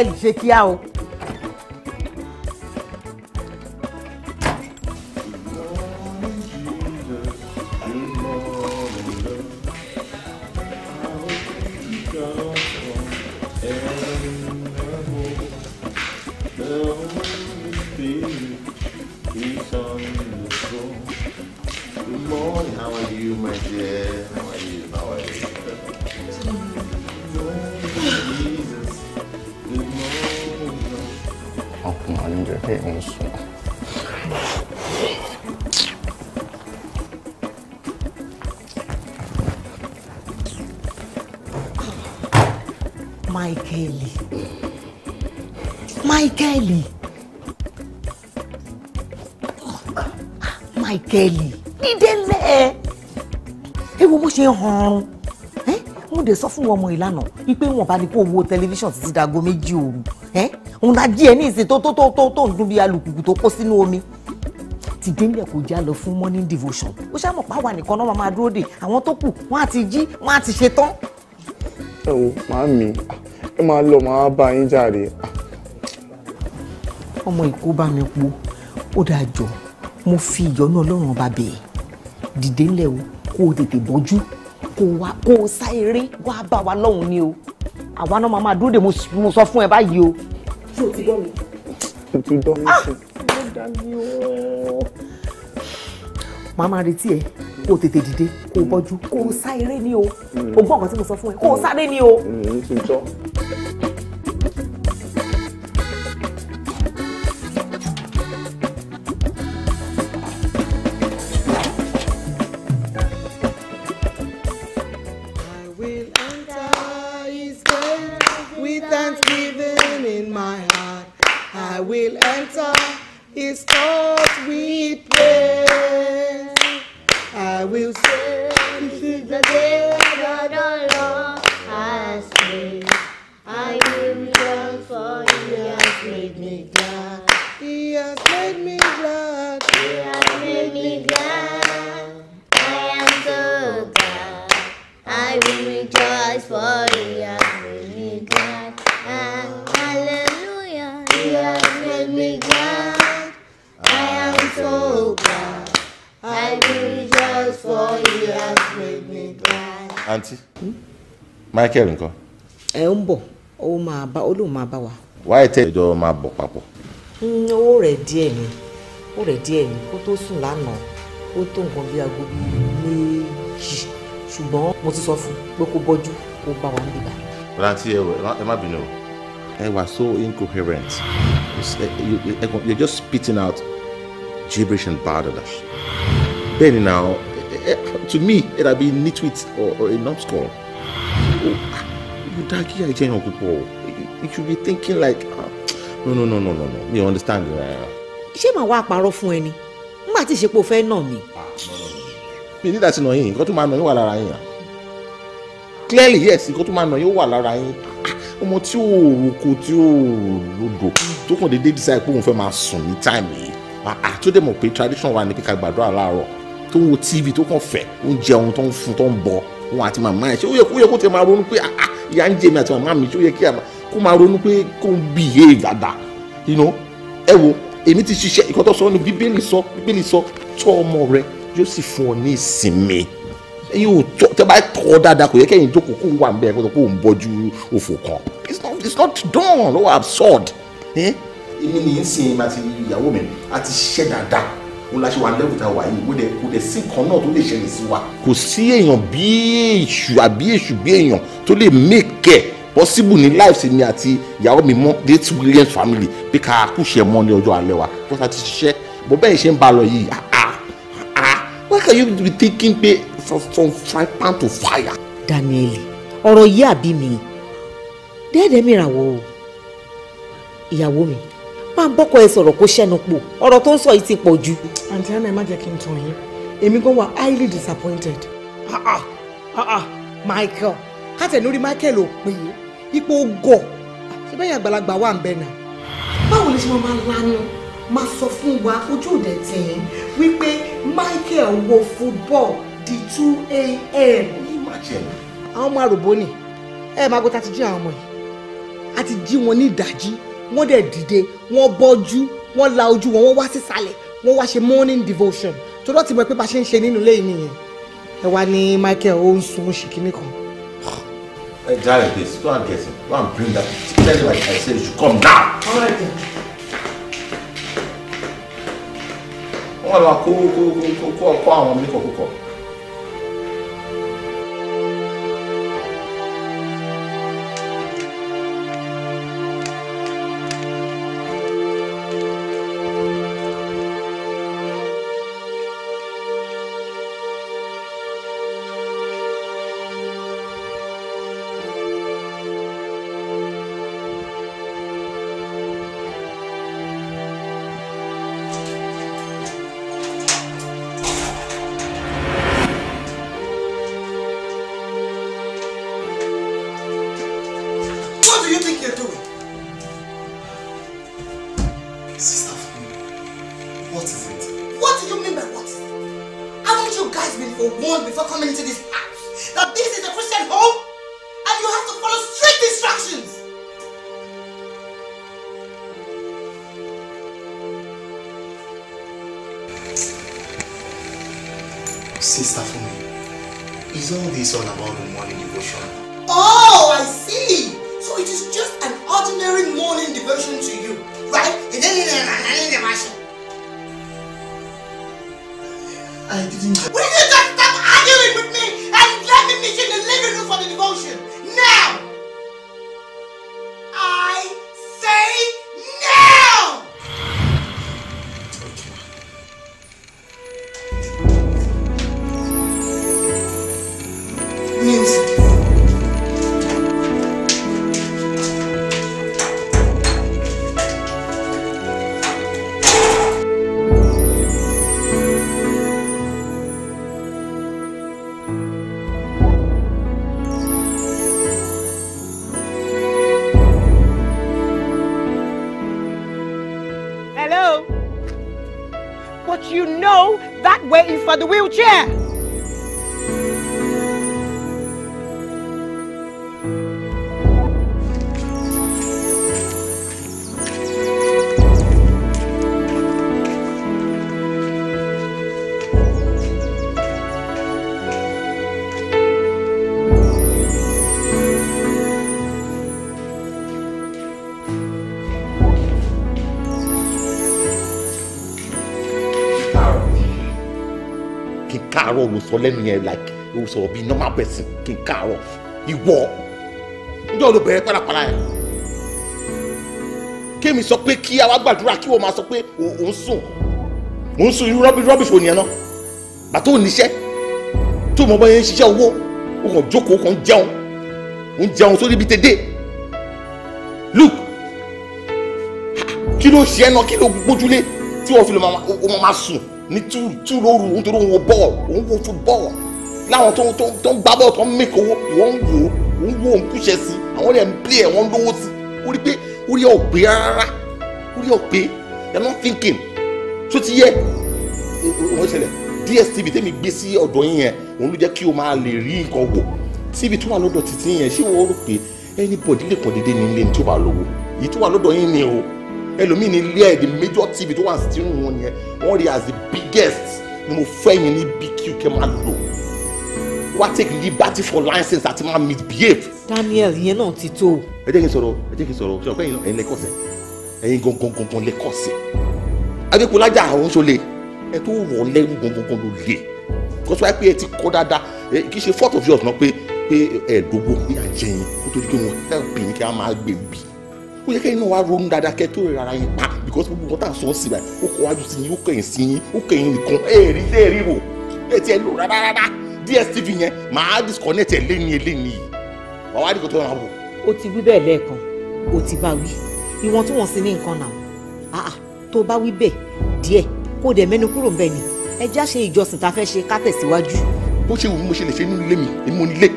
hòtẹ́ẹ̀lì ṣe kíá o ọrùn wọ́n dẹ̀ sọ fún ọmọ ìlànà wípé wọ́n bá ní kó wo tẹlifíṣàn títí dago méjì òru òun la jí ẹ ní ìsìn tó tó tó tó tó ń dún bí alùpùpù tó kó sínú omi ti délẹ̀ kò já lọ fún morning devotion ó ṣàmọ̀ páwa nìkan náà máa dúró dè àwọn tó kù wọ́n á ti jí wọ́n á ti ṣe tán. ẹ wo màámi ẹ máa lọ màá bá yín jàre. ọmọ ìkó bá mi po ó dáa jọ mo fi ìyọ́nú ọlọ́run ọba bẹ̀ẹ́ dìde ńlẹ̀ o kó o tètè bọ́jú kò wá kò sá eré wá bá wa lọ́hùn ni o àwa náà máa máa dúró de mo sọ fún ẹ báyìí o. ṣé o ti gbọ́ mi. o ti gbọ́ mi sí. Ah! màá máa retí ẹ kó o tètè dìde kó o bọ́jú kó o sá eré ni o mm. o gbọ́ nǹkan tí mo sọ fún ẹ kó o mm. sáré ni o. Mm, ti Michael nǹkan. ẹ ń bọ̀ ó máa bá ó máa bá wa. wáyé tẹ ìjọ máa bọ̀ papọ̀. Hmm, owó rẹ̀ díẹ̀ ni owó rẹ̀ díẹ̀ ni kó tó sùn lánàá ó tó nǹkan bíi aago bíi méjì ṣùgbọ́n mo ti sọ fún pé kó bọ́jú kó bá wa níbà. rántí ẹ wọ ẹ má bínú o ẹ wà so incoherent you just spitting out gibberish and balderdash bẹ́ẹ̀ ni na eh, eh, to me it had nitwit or, or a numbskull kò dá kí àìjẹ́ yàn you should be thinking like ah, no no no no no no You understand rárá. ṣé màá wá àparọ́ fún ẹ ni nígbà tí ìṣepò fẹ́ nà mí. Ah, mi nígbà tí nà yín nǹkan tó máa nà yín wà lára yín clearly yes nǹkan tó máa nà yín wà lára yín ah, ọmọ tí ò roko tí ò lodò tó kàn déédéé decide pé òun fẹ́ máa sùn ní táìmù yìí tó dẹ̀ mọ̀ pé tradition wa ni pé ká gbàdúrà láàárọ̀ tó ń wo tv tó kàn fẹ́ ó ń jẹun tó ń fún tó ń bọ̀ òun àti màmá ẹ̀ ṣé ó yẹ kó tiẹ̀ máa ronú pé ah ìyá ń jẹ mi àti màmá mi tó yẹ kí àmà kó máa ronú pé kó ń behave dáadáa you know ẹ wo èmi ti ṣiṣẹ́ ìkọ́ tó sọ ní bíbélì sọ bíbélì sọ tọ́ ọmọ rẹ yóò sì fún ọ ní ìsinmi ẹ̀yin ò tọ́ tẹ́ bá tọ́ dáadáa kò yẹ kẹ́yìn jókòó kó wà nbẹ kó tó ń bọ́jú òfò kan it's not it's not done lọ́wọ́ absurd. èmi nìyí sìn ìmọ̀ ìyàwó mi àti ṣiṣẹ́ dáadáa òun la ṣe wà lẹ́wù tá a wà yìí kò dẹ̀ kò dẹ̀ sí kan náà tó lè ṣẹlẹ̀ sí wa. kò sí èèyàn bí èṣù àbí èṣù bí èèyàn tó lè make ẹ̀ possible ní life mi àti ìyàwó mi mọ́ great Williams family bí ká kúṣẹ̀ mọ́ ní ọjọ́ alẹ́ wa bó ta ti ṣiṣẹ́ bó bẹ́ẹ̀ ṣe ń ba lọ yìí ah, ah ah why can you be thinking pe from from fry pan to fire. Daniel ọ̀rọ̀ yìí àbí mi dẹ́ẹ̀dẹ́ mìíràn wò ìyàwó mi máa ń bọ́kọ ẹ sọ̀rọ̀ kó ṣẹ́nu pò ọ̀rọ̀ tó ń sọ yìí ti pọ̀ jù. àǹtí hannah ẹ má jẹ́ kí n tàn yín èmi gan wà highly disappointed. ah ah ah ah michael kátẹ̀lórí michael ò pè é ipò gọ̀ ṣe bẹ́ẹ̀ àgbàlagbà wà ń bẹ̀ náà. báwo ni ṣe máa lanu máa sọ fún wa ojú òde tẹ̀yìn wípé michael wo football di two a.m. àwọn ọmọ àròbó ni ẹ máa gbọ́ tá a ti jí àwọn ọmọ yìí a ti jí wọn ní ìdájí wọ́n dẹ̀ dìde wọ́n bọ́jú wọ́n la ojú wọn wọ́n wá sísàlẹ̀ wọ́n wá ṣe morning devotion tó dọ́tí mọ̀ pé bá ṣe ń ṣe nínú ilé yìí nìyẹn ẹ wá ní Michael ó ń sun oṣù kìíní kan. Hey, darling, please, go and get him. Go and bring that. Tell him like I say. you should come down. All right, then. Wọ́n lọ kó kó kó kó kó àwọn mi kọ̀kọ̀. 去。káàárọ̀ ló sọ lẹ́nu yẹn like o sọ̀rọ̀ bíi normal person kí n káàárọ̀ ìwọ njẹ́ o lè bẹ̀rẹ̀ pàlàpàlà yẹn kémi sọ pé kí àwa gbàdúrà kí wọ́n máa sọ pé òun sùn òun sùn irú rọ́bì rọ́bì fòní ẹ̀ náà bàtà ò níṣẹ́ tó mọ̀ báyẹn ń ṣiṣẹ́ owó o kàn jókòó kàn jẹun ń jẹun sórí ibi tẹ́dẹ́ look kí ló ṣe ẹ́ náà kí ló gbójúlé tí wọ́n fi lọ́ máa sùn ní tú tú lóru òun tó ń wo bọ́ọ̀lù òun wo football láwọn tó tó tó ń gbá bọ́ọ̀lù tó ń make owó wọ́n ń wò ó ń wò ó ń kúṣẹ́ sí àwọn ẹ̀ ń play ẹ̀ wọ́n ń lówó sí orí pé orí ẹ̀ ò pé rárá orí ẹ̀ ò pé you are not thinking tó ti yẹ òun ṣẹlẹ̀ DSTV tẹ́mi gbé sí ọ̀dọ̀ yín yẹn òun ló jẹ́ kí o máa lè rí nǹkan wò TV tó wà lọ́dọ̀ títí yẹn ṣé wọ́n rò pé anybody lè pọ̀ déédéé ní ilé ní tó bá lówó èyí tó wà lọ́dọ̀ ẹlòmíì ní ilé ẹ̀ the major tv tó wà ní sitting room wọn nìyẹn wọ́n rí as the biggest ni mo fẹ́ yín ní bq kẹ́ máa lò wá take liberty for license àti máa misbehave. Daniel ìyẹn náà ti tó. ẹ jẹ́ kí n sọ̀rọ̀ ẹ jẹ́ kí n sọ̀rọ̀ ṣé ọ̀pẹ́ ẹ̀yin lẹ́kọ̀ọ́sẹ̀ ẹ̀yin gangan gangan lẹ́kọ̀ọ́sẹ̀ adékúnlájà àwọn ṣọlẹ̀ ẹ tó wọ̀ lẹ́rú gangan ló lè kọ́sọ́ wáyé pé ẹ ti kọ́ dáadáa kì í ṣe fault of yours náà pé pé ẹ̀ẹ́dógún ní àjẹyìn nítorí pé wọ́n help yín kí a máa gbèbí ó yẹ kẹ́yìn náà wá ronú dáadáa kẹ́ tó rárá yín pa because gbogbo ọ̀tá sọ ọ́ sí báyìí ó kọ́ wájú sí yín ó kẹ́yìn sí yín ó kẹ́yìn nìkan ẹ̀ẹ́rì lẹ́ẹ̀rì rò ẹ̀ tiẹ̀ lò rárá rárá DSTV yẹn màá disconnect ẹ̀ lẹ́ni eléni yìí wàá wá dìgbò tó máa wò. ó ti wí bẹ́ẹ̀ lẹ́ẹ̀kan O ti bá wí ìwọ̀n tí wọ́n sì ní nǹkan náà tó bá wí bẹ́ẹ̀ díẹ̀ kó dẹ̀ mẹ́nu kúrò bẹ́ẹ̀ ni ẹ já ṣe ìjọsìn tá a fẹ́ ṣe ká tẹ̀síwájú. bó ṣe wù mí mo ṣe lè ṣe nínú ilé mi èmi mo nílé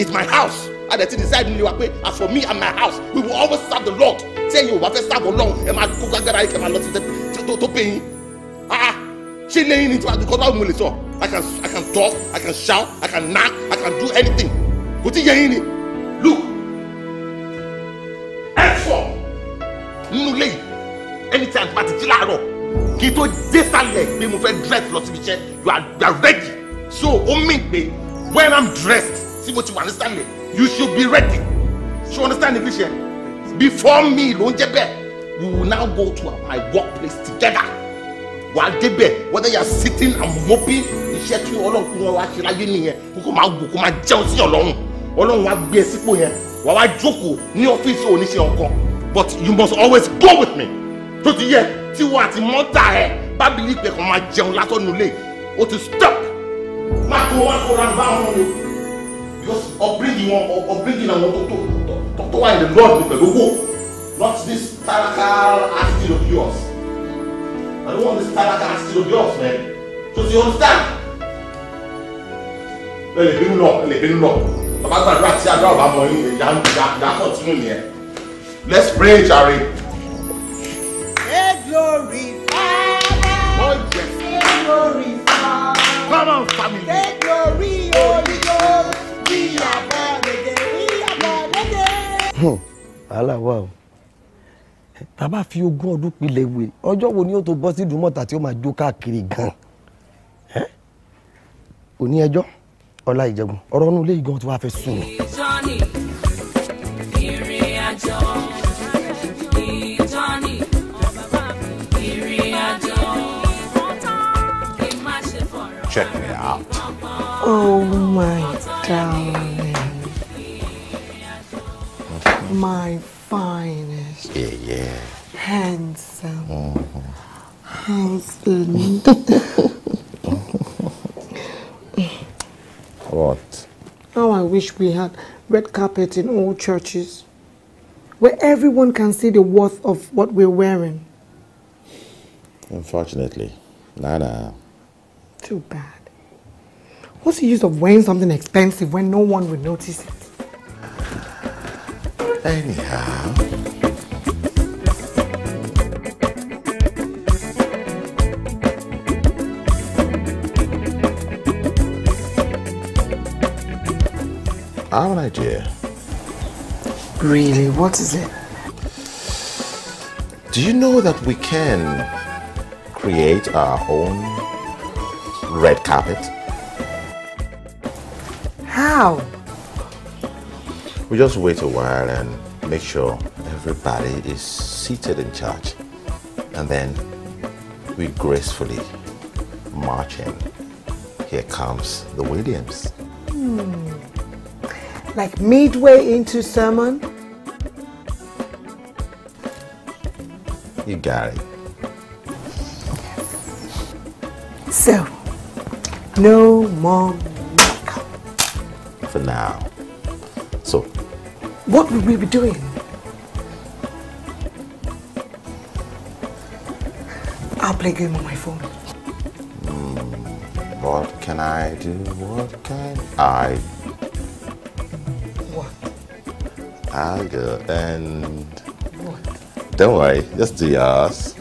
it's my house a dẹ̀ ti decide nílé wa pé as for me and my house we will always serve the lord tí ẹ̀yin ò bá fẹ́ serve ọlọ́run ẹ máa kó gbàgbára yìí kẹ́ máa lọ sí tó pé yín ah ṣé lẹ́yìn ni tí wàá kọ́ báwo mo lè sọ i can i can talk i can shout i can knack i can do anything kò tí yẹ yín ni look ẹ̀fọ́ nínú ilé yìí anytime tí wàá ti jí láàárọ̀ kí n tó dé sálẹ̀ pé mo fẹ́ dress lọ síbi iṣẹ́ you are ready so ó mìn pé when i'm dressed tí mo ti wà ní sálẹ̀ you should be ready ṣé understand the vision. before me ló we will now go to my workplace together wà á whether you are sitting and moping iṣẹ́ tí ọlọ́run kún wọn wá ṣe láyé nìyẹn kókó máa wò kó máa jẹun All ọlọ́run ọlọ́run are gbé ẹ e sípò yẹn wà wá jókòó ní ọ́fíìsì oníṣẹ́ ọkọ but you must always go with me tó ti yẹ tí wọn àti mọ́tà ẹ bábìlì pẹ̀kọ́ come jẹun látọ̀nulẹ̀ o ti stop. má kó wá kó ra bá wọn o just upbringing wọn upbringing àwọn tó tó tó wà in the lord pẹ̀lú owó not this tarakal attitude of yours I don't want this tarakal attitude of yours man Just you understand ẹ lè bínú lọ ẹ lè bínú lọ bàbá gbàdúrà tí àdúrà bá mọ yín ìyá ìyá kọ̀tínú nìyẹn let's pray jàre. Let's pray, Father. glory, Father. Come on, family. Hey, glory, Holy. Hmm, wàhálà wà o bàbá fi ogún ọdún pilẹ̀ wè ọjọ́ wo ni ó tó bọ́ sí ìdúmọ̀tà tí ó máa jó káàkiri gan òní ẹjọ́ ọlá ìjẹgun ọ̀rọ̀ inú ilé ìgan tí wàá fẹ́ sùn. check me out. oh my darling. my finest. Yeah, yeah. Handsome. Mm -hmm. Husband. what? How I wish we had red carpet in all churches where everyone can see the worth of what we're wearing. Unfortunately, Nana. Too bad. What's the use of wearing something expensive when no one will notice it? Anyhow. I have an idea. Really? What is it? Do you know that we can create our own red carpet? How? We just wait a while and make sure everybody is seated in church. And then we gracefully march in. Here comes the Williams. Hmm. Like midway into sermon? You got it. So, no more what would we be doing? I'll play a game on my phone. Mm, what can I do? What can I? What? I go and. What? Don't worry, just do yours.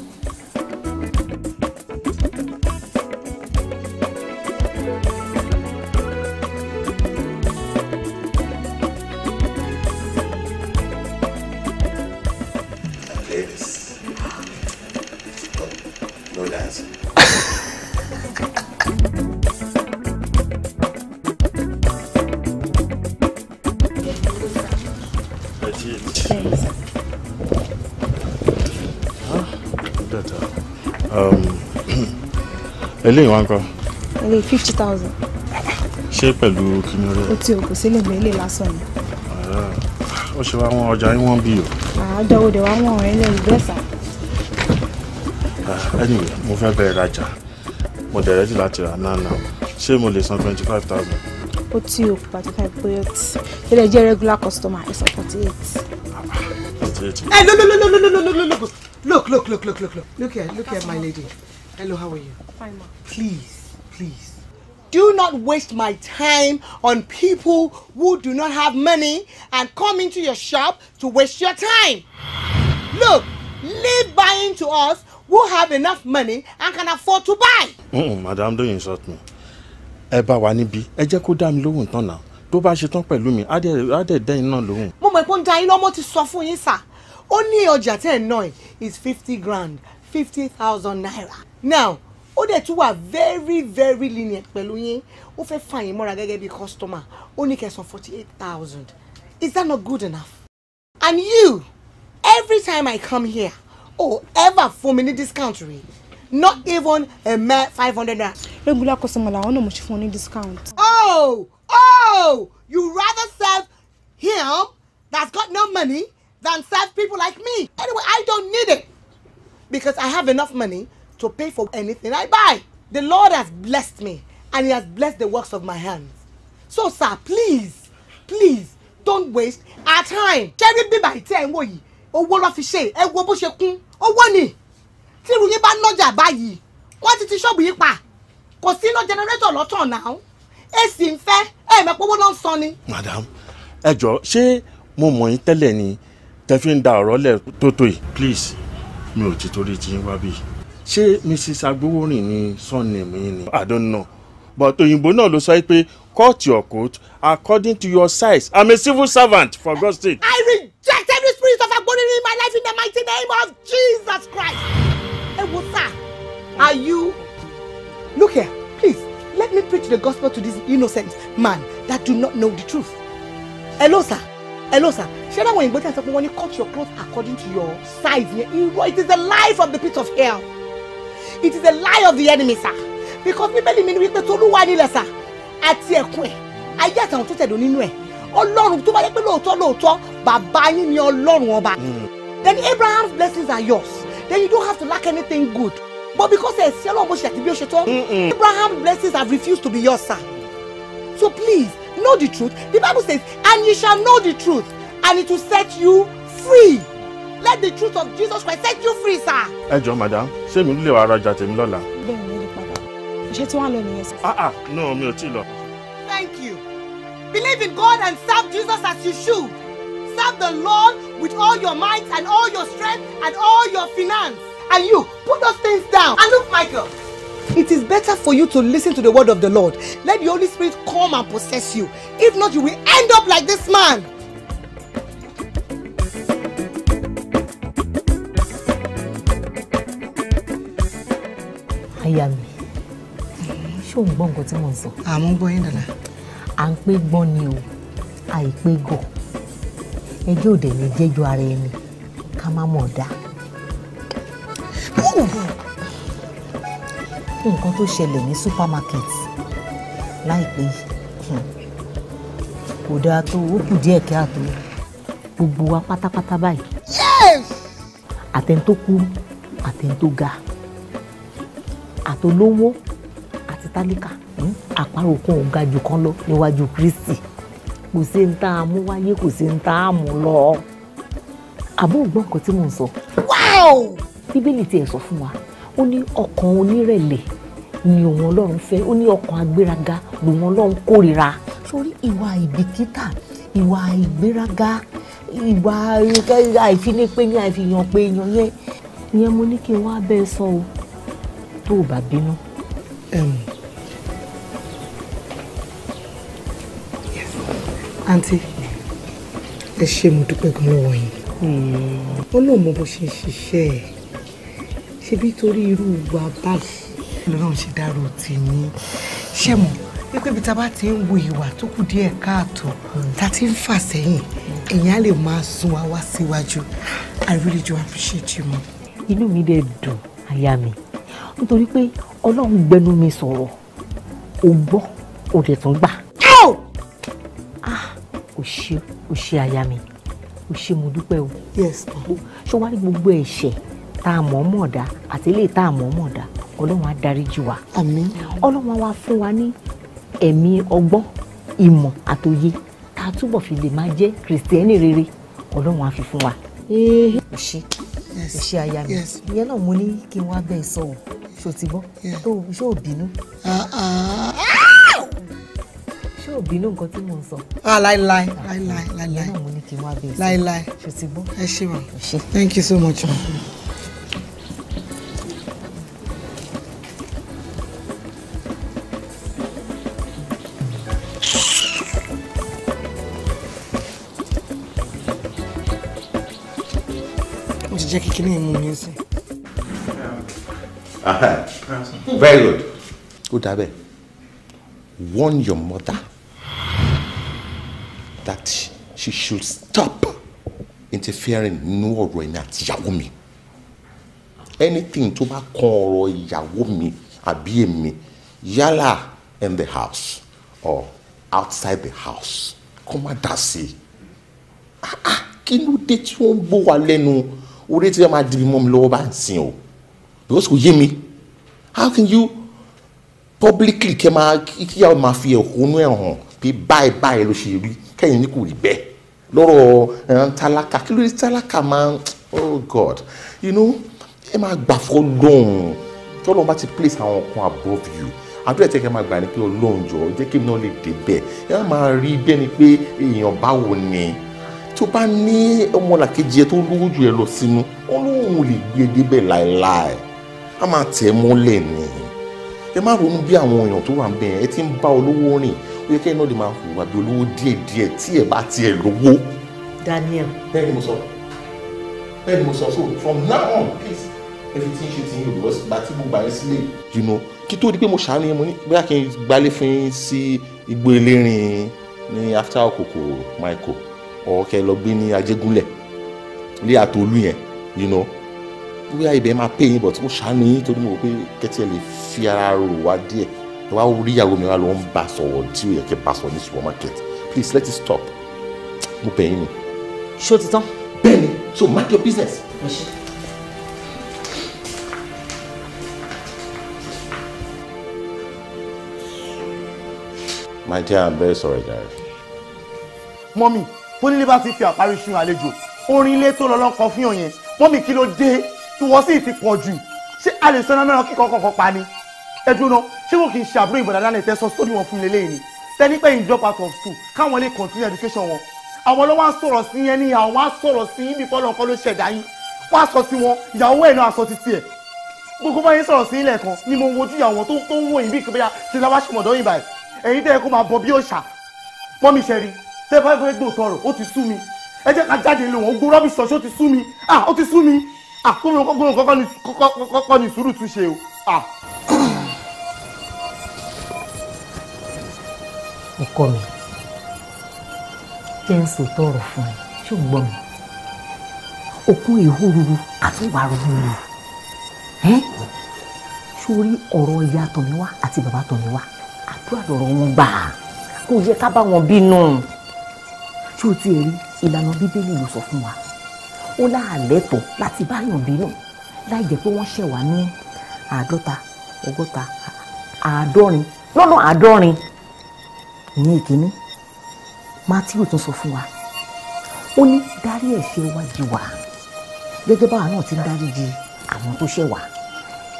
eléyìí wá ń kọ́. eléyìí fifty thousand. ṣé pẹ̀lú kìnìún rẹ̀. o ti o kò sí lè mẹ́lẹ̀ lásán ni. ó ṣe wá wọn ọjà yín wọ́n bí o. àjọ òde wa wọn ọ̀rẹ́ ibesa. bẹ́ẹ̀sà. anyway mo fẹ́ bẹ̀rẹ̀ rajà mo dẹ̀ rẹ́dí láti rà náà náà ṣé mo lè san twenty five thousand. o ti o pàtó five point ilé jẹ́ regular customer ẹ̀ san forty eight. Hey, look, look, look, look, look, look, look, look, look, look, look, look, look, look here, look here, my lady. Hello, how are you? Fine, ma. Please, please. Do not waste my time on people who do not have money and come into your shop to waste your time. Look, leave buying to us who have enough money and can afford to buy. Mm-mm, madam, don't insult me. Ẹ bá wa níbí, ẹ jẹ́ kó dá mi lóhùn tán náà. Tó bá ṣe pẹ̀lú mi, á dẹ̀ dẹ́yìn náà lóhùn. Mo mọ̀ pé ń da yín lọ́mọ ti sọ fún yín sà. Ó ní ọjà tẹ̀ náà is fifty grand fifty thousand naira. Now ó dẹ̀ tún wà very very lenient pẹ̀lú yín ó fẹ́ fà yín mọ́ra gẹ́gẹ́ bí customer ó ní kẹsàn forty eight thousand is that not good enough? and you every time I come here oh ever fún mi ní discount rẹ̀ not even a mere five hundred naira. regular customer làwọn náà mo ṣe fún ọ ní discount. oh oh you rather serve him that's got no money than serve people like me anyway I don't need it because I have enough money to pay for anything I buy. The Lord has blessed me and he has blessed the works of my hands. So sir, please, please don't waste our time. Ṣé rí bíbá ìtí ẹ̀ ń wò yìí? you. ló fi ṣe ẹ wo bó ṣe kún. Owó ni tí irú yín bá nọ́jà báyìí wọ́n ti ti ṣọ́ọ̀bù yìí pa. Kò sí iná jẹnẹrétọ̀ lọ́tọ̀ náà. Èsì ń fẹ́ ẹ̀ mẹ́pọ̀ owó náà ń san Madam, ẹ Joe, ṣé mo mọ̀ tell tẹ́lẹ̀ ni tẹ fi ń da ọ̀rọ̀ lẹ̀ tó tó yìí. Please mi ò ti torí ti yín wá bíi ṣé mrs agbowórin ni sọ́ọ̀nìmí ni i don't know but òyìnbó náà ló sọ pé cut your coat according to your size i'm a civil servant for God's sake. i reject every spirit of agbowórin in my life in the mighty name of Jesus Christ. ẹ wo sá are you look here please let me preach the gospel to this innocent man that do not know the truth. hello sir hello sir ṣé dáwọn òyìnbó tí a sọ pé wọ́n ní cut your cloth according to your size yẹn irọ́ it is the life of the pit of hell it is a lie of the enemy sir because bíbélì mi ni wípé tolúwa nílẹ̀ sà àti ẹ̀kún ẹ̀ ayé àtàwọn tó tẹ̀dọ̀ nínú ẹ̀ ọlọ́run tó bá yẹ pé lóòótọ́ lóòótọ́ bàbá yín ni ọlọ́run ọba. Hmm. then Abraham's blessings are yours then you don't have to lack anything good but because ẹ̀ sí ọlọ́run bó ṣe àti bí ó ṣe tọ́ hmm, hmm. Abraham's blessings have refused to be yours sir so please know the truth the Bible says and you shall know the truth and it will set you free let the truth of Jesus Christ set you free sir. ẹ jọ madam ṣé mi lè wá rajà tèmi lọ́la. bẹ́ẹ̀ ni rí padà ṣé tí wọ́n lọ nìyẹn sir. ah ah no mi ò tí lọ. thank you believe in God and serve Jesus as you should serve the Lord with all your might and all your strength and all your finance and you put those things down and look Michael. It is better for you to listen to the word of the Lord. Let the Holy Spirit come and possess you. If not, you will end up like this man. aya mi ṣó ń gbọ́ nǹkan tí mo ń sọ. àmọ́ ń gbọ́ yín dàda. à ń pé gbọ́n ni o àìpé gọ̀ ẹjọ́ òde ni jẹ́jọ́ ara ẹni ká má mọ̀ dá. nǹkan tó ṣẹlẹ̀ ní supermarket láìpẹ́ yìí hmm. kò dáa tó ó kù díẹ̀ kí á tó gbogbo wa pátápátá báyìí. àtẹ̀ntó kú àtẹ̀ntó ga àtolówó àti tálíkà hmm? àparò kan ò ga jù kan lọ níwájú Kristi kò sí ń tá a mú wáyé kò sí ń tá a mú lọ àbọ̀ ògbọ́n nǹkan tí mò ń sọ. bíbélì tiẹ̀ sọ fún wa ó ní ọkàn onírẹ̀lẹ̀ ni òun ọlọ́run fẹ́ ó ní ọkàn agbéraga lòun ọlọ́run kórìíra. sórí ìwà ìbìkítà ìwà ìgbéraga ìwà àìfinipéyàn àìfihàn péyàn yẹn ìyẹn mo ní kí n wá bẹ́ẹ̀ sọ o tó o bá bínú. àǹtí ẹ ṣe mo dúpẹ́ gan lọ́wọ́ yín ó hmm. lóun mọ bó ṣe ń ṣiṣẹ́ ẹ̀ ṣebí torí irú wa báyìí lọ́nà ṣe dárò tì ní ṣé mo wípé ibi tá a bá ti ń wo ìwà tó kù díẹ̀ káàtó tá ti ń fà sẹ́yìn èèyàn á lè máa sún wa wá síwájú I really do appreciate you mọ. inú mi dẹ̀ dùn aya mi nítorí pé ọlọ́run gbẹnu mi sọ̀rọ̀ ó gbọ́ ó dẹ̀ tún gbà. ó ṣe ah, o ṣe aya mi ó ṣe mo dúpẹ́ o. yes ṣé wàá rí gbogbo ẹ̀ṣẹ̀ tá a mọ̀ mọ̀ dá àti eléyìí tá a mọ̀ mọ̀ dá ọlọ́run á dáríjì wa. àmín. ọlọ́run á wá fún wa ní ẹ̀mí ọgbọ́n ìmọ̀ àtòye tá a túbọ̀ fi lè máa jẹ́ kìrìsìtẹ́nì rere ọlọ́run á fi fún wa. ó ṣe ó ṣe aya mi ìyẹn náà mo ní kí n wá bẹ́ẹ̀ sọ̀rọ̀ ṣó ti bọ́ ṣó ò bínú. Uh-uh. ṣó ò bínú nǹkan tí mò ń sọ. Ah, láíláí láíláí ah, láíláí mo ní kí n wá bẹ̀ sí láíláí ṣó ti ẹ ṣé wa thank you so much. jẹ́ kí kíní ìmú mi sí i very good Good Abe. warn your mother that she should stop interfering No, ọ̀rọ̀ ẹ̀mí àti ìyàwó mi anything tó bá kan ọ̀rọ̀ ìyàwó mi àbí èmi yálà in the house or outside the house kó má dà sí i ah, ah, kí ló dé tí wọ́n ń bó wa lẹ́nu orí tí wọ́n máa di mọ́ mi lọ́wọ́ bá ń sìn o because kò yé mi how can you publicly kẹ́ máa kí yàrá máa fi ẹ̀hónú ẹ̀ hàn pé báyìí báyìí ló ṣe rí kẹ́yìn ní kò rí bẹ́ẹ̀ lọ́rọ̀ eh, tálákà kí ló dé tálákà máa oh god you know ẹ máa gbà fọ́ lóhùn tí ọlọ́run bá ti place àwọn kan above you àdúrà tẹ́kẹ́ máa gbà ní pé ọlọ́run jọ jẹ́ kí èmi náà lè débẹ̀ ẹ máa rí bẹ́ẹ̀ ni pé èèyàn báwo ni tó bá ní ọmọlàkejì ẹ tó lówó jù ẹ lọ sínú ọlọ́run ò lè gbé e débẹ̀ láéláé a máa tẹ̀ mọ́lẹ̀ ni ẹ má ronú bí àwọn èèyàn tó wà ń bẹ̀yẹn ẹ ti ń bá olówó rìn ó yẹ kẹ́yìn náà lè máa hùwà bí olówó díẹ̀ díẹ̀ tí ẹ bá tiẹ̀ lówó. Daniel. bẹ́ẹ̀ ni mo sọ bẹ́ẹ̀ ni mo sọ so from now on please everything ṣe ti ń yòbọ̀ bá tí mo gbà yín sílé. you know kí tó di pé mo ṣàánú yẹn mo ní bóyá kí n gbálé fún yín sí igbó elérin ní after okoko michael ọ̀ọ́kẹ́ lọ gbé ní ajégúnlẹ̀ ilé àtolú yẹn you know bóyá ibẹ̀ máa pè yín bọ̀ tí mo ṣàánú yín torí mo rò pé kẹ́tí ẹ̀ lè fi ara rò wá díẹ̀ ẹ wá rí ìyàwó mi wá lọ ń bá sọ̀rọ̀ tí ó yẹ kẹ́ bá sọ̀rọ̀ ní supermarket please let it stop mo bẹ̀ yín ni. ṣó ti tán. bẹ́ẹ̀ni so mark your business. my dear i'm very sorry jare. mọ́mí tó nílé bá ti fi àparí sun àlejò orin ilé tó lọ́lọ́ kan fún ọ̀yẹn mọ́mí kí ló dé tí wọ́n sì ti pọ̀ jù ṣé a lè sọ́nà mẹ́ràn kíkọ́ kọ̀ọ̀kan pa ni ẹ dúró ṣé wọn kì í ṣe àbúrò ìbọ̀dà dálẹ̀ tẹ́sán sórí wọn fún lélẹ́yìn ni tẹ́nípẹ́ yìí drop out of káwọn lè continue education wọn àwọn ló wá sọ̀rọ̀ sí yẹn ní àwọn á sọ̀rọ̀ sí yín bíi kọ́lọ́kọ́ ló ṣẹ̀dá yín wọ́n á sọ sí wọn ìyàwó ẹ̀ náà sọ ti tiẹ̀ gbogbo báyìí sọ̀rọ̀ sí ilẹ̀ kan ni mo wojú ìyàwó tó tó ń wò yín bí kébéyà ti la wá ṣe mọ̀dọ́ yìí báyìí ẹ̀yin tẹ́ ẹ kó máa bọ bí òòṣà pọ́n mi ṣẹ̀rí tẹ́ bá fẹ́ gbòòtọ̀ rò ó ti sú mi ẹ jẹ́ ká jáde lò wọ́n gbó rọ́bìṣọ̀ ṣó ti sú mi ah ó ti sú mi àkóhun ah, kọ́kọ́ ni sùúrù tún ṣe o. Ah. ọkọ mi jẹ́ ń sòótọ́ ọ̀rọ̀ fún ẹ ṣó ń gbọ́ mi òkun ìhóruru àtúwàrú mi sórí ọ̀rọ̀ ìyá Tọ̀míwá àti bàbá Tọ̀míwá àdúrà lọ̀rọ̀ wọn gbà kò yẹ ká bá wọn bínú ṣó tiẹ̀ rí ìlànà bíbélì ló sọ fún wa ó láàlẹ́ tó láti báyọ̀ bínú láì jẹ́ pé wọ́n ṣẹ̀ wá ní àádọ́ta ọgọ́ta àádọ́rin lọ́nà àádọ́rin ìyẹn ìkíní Mátíù tún sọ fún wa ó ní dárí ẹ̀ṣẹ̀ wa jì wá gẹ́gẹ́ báwa náà ti ń dárí jì àwọn tó ṣẹ̀ wá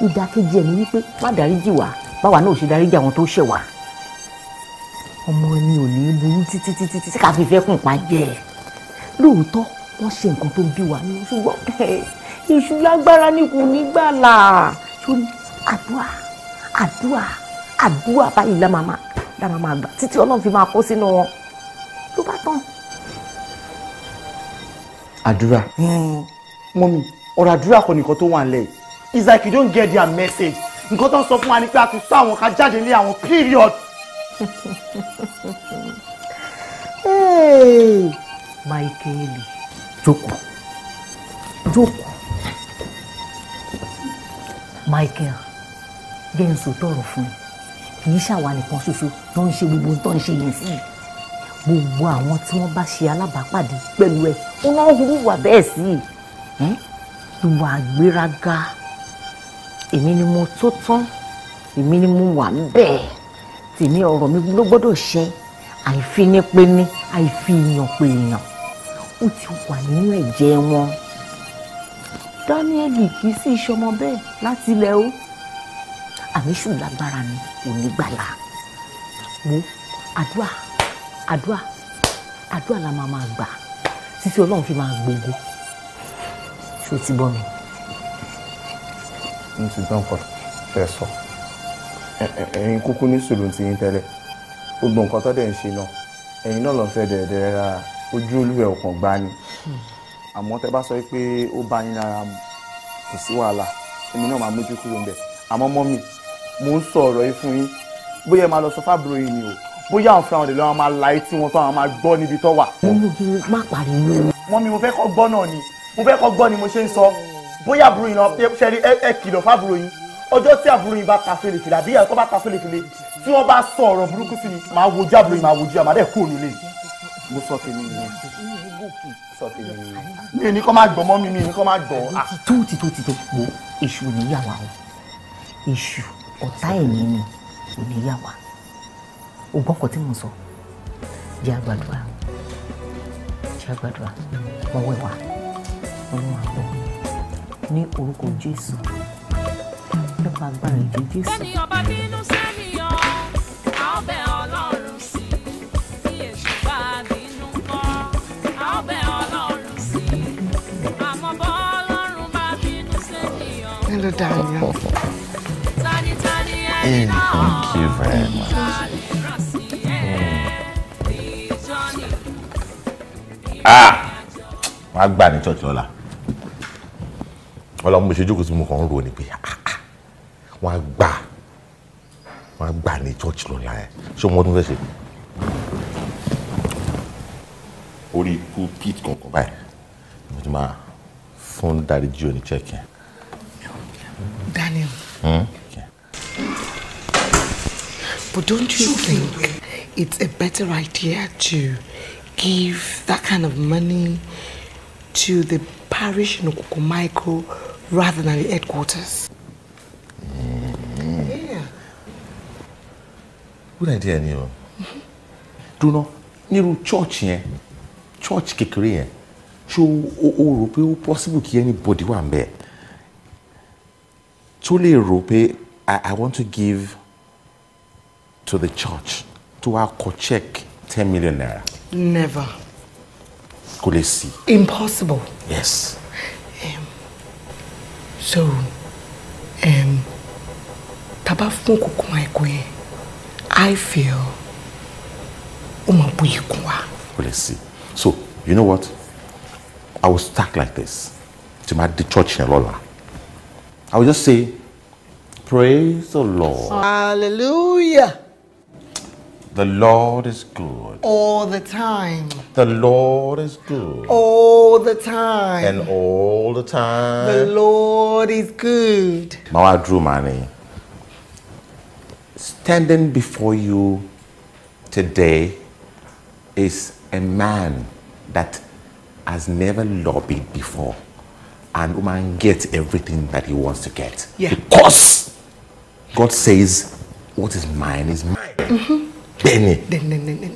ìdàkejì ẹ̀ ni wípé má dárí jì wá báwa náà ò ṣe dárí jì àwọn tó ṣẹ̀ wá ọmọ mi ò ní burú títí títí tí ká fi fẹ́ kùn pa jẹ́ ẹ lóòótọ́ wọ́n ṣe nǹkan tó ń bí wa nínú ṣùgbọ́n iṣu lágbára ní kò ní gbàlà ṣùgbọ́n àdúrà àdúrà àdúrà báyìí la máa la máa gbà títí ọlọ́run fi máa kó sínú wọn ló bá tán. àdúrà hmm. mọ́mí ọ̀rọ̀ àdúrà kan nìkan tó wà nílẹ̀ it's like get their message nǹkan tó ń sọ fún wa ni pé a ti sọ àwọn ká jáde ní àwọn period. Michael jókòó jókòó Michael jẹ́ n sòótọ́ ọ̀rọ̀ fún ẹ kì í ṣàwa nìkan ṣoṣo tó ń ṣe gbogbo tó ń ṣe yẹn sí i gbogbo àwọn tí wọ́n bá ṣe alábàápàdé pẹ̀lú ẹ ó náà hùwà bẹ́ẹ̀ sí i ìwà àgbéraga èmi ni mo tó tán èmi ni mo wà ń bẹ́ẹ̀ tèmi ọ̀rọ̀ mi ló gbọ́dọ̀ ṣe àìfinipinni àìfihàn pé èèyàn ó ti wà nínú ẹ̀jẹ̀ wọn. dáníẹ́lì kì í sì ṣọmọ bẹ́ẹ̀ láti ilẹ̀ o àmísù lágbára ni onígbàlà wo àdúà àdúà àdúà la máa máa gbà títí ọlọ́run fi máa gbogbo ṣó ti bọ́ mi. mo ti gbọ́n kan fẹ́ sọ ẹ̀yin kúkú ní sùúrù ti yín tẹ́lẹ̀ gbogbo nǹkan tó dẹ̀ ń ṣe náà ẹ̀yin náà ló ń fẹ́ dẹ̀ẹ́dẹ́rẹ́ rárá ojú olúwẹ̀ ọ̀kan gbá ni àmọ́ tẹ́ bá sọ pé ó bá yín lára mu kò sí wàhálà èmi náà máa mójú kúrò ńbẹ̀ àmọ́ mọ́ mi mò ń sọ yìí fún yín bóyá ẹ máa lọ sọ fábùrò yìí ni o bóyá àwọn fúnra wọn lè lọ máa la etí wọn tó àwọn máa gbọ́ níbi tó wà. má pariwo. mọ́ mi mo fẹ́ kọ́ gbọ́ náà ni mo fẹ́ kọ́ gbọ́ ni mo ṣe ń sọ bóyá àbúrò yìí lọ ṣe rí ẹ kìlọ̀ fábùrò yìí ọjọ́ tí àbúrò yìí bá ta fèlèfèlè àbí ìyàwó bá ta fèlèfèlè tí wọ́n bá sọ ọ̀rọ̀ burúkú sí mi máa wojú àbúrò yìí máa wojú àmàdẹ́kù ònú lè mo sọ tèmi nìyẹn sọ tèmi nìyẹn mi ò ní kọ́ máa gbọ́ mọ́ mi mi ò ní kọ́ máa gbọ́. tító tító tító wo èṣù níyàwó èṣù ọ̀tá ẹ̀mí ni oníyàwó o gbọ́ ọkọ̀ tí mo sọ jẹ́ àgbàdua jẹ́ àgbàdua wọ́n wẹ̀ wá ọlọ́run àgbọ̀ ní orúkọ Jésù nípa agbára ìjẹ́ Jésù. Hello, darling. hey, mm, thank you very much. Mm. Ah! Wọ́n á gbà ní church lọ́la. Ọlọ́run mo ṣe jókòó sí mo kàn ń rò ní pé ah, ah, ah. wọ́n á gbà wọ́n á gbà ní church lọ́la ẹ̀. Ṣé o mọ ọdún fẹ́ ṣe? Orí ikú pit kankan báyìí. Mo ti máa fún dáríjì òní check yẹn. Daniel. Hmm? But don't you think it's a better idea to give that kind of money to the parish in Michael rather than the headquarters? Mm -hmm. Yeah. Good idea, Nero. Do not, Niro, church yẹn, church kékeré yẹn, ṣé o rò pé possible kí anybody wà ń tó lè rò pé I, want to give to the church To our kọ check ten million naira. never. kò lè sí. impossible. yes. Um, so um, taba fún kòkòrò àìkú yẹn I feel ó máa bú yìí wa. kò lè sí so you know what I will start like this to my di church in lọ́la. I will just say, Praise the Lord. Hallelujah. The Lord is good. All the time. The Lord is good. All the time. And all the time. The Lord is good. My Drew Mani, standing before you today is a man that has never lobbied before and woman gets everything that he wants to get. Yeah. Because God says, what is mine is mine. Mm -hmm. Then, then, then, then, then.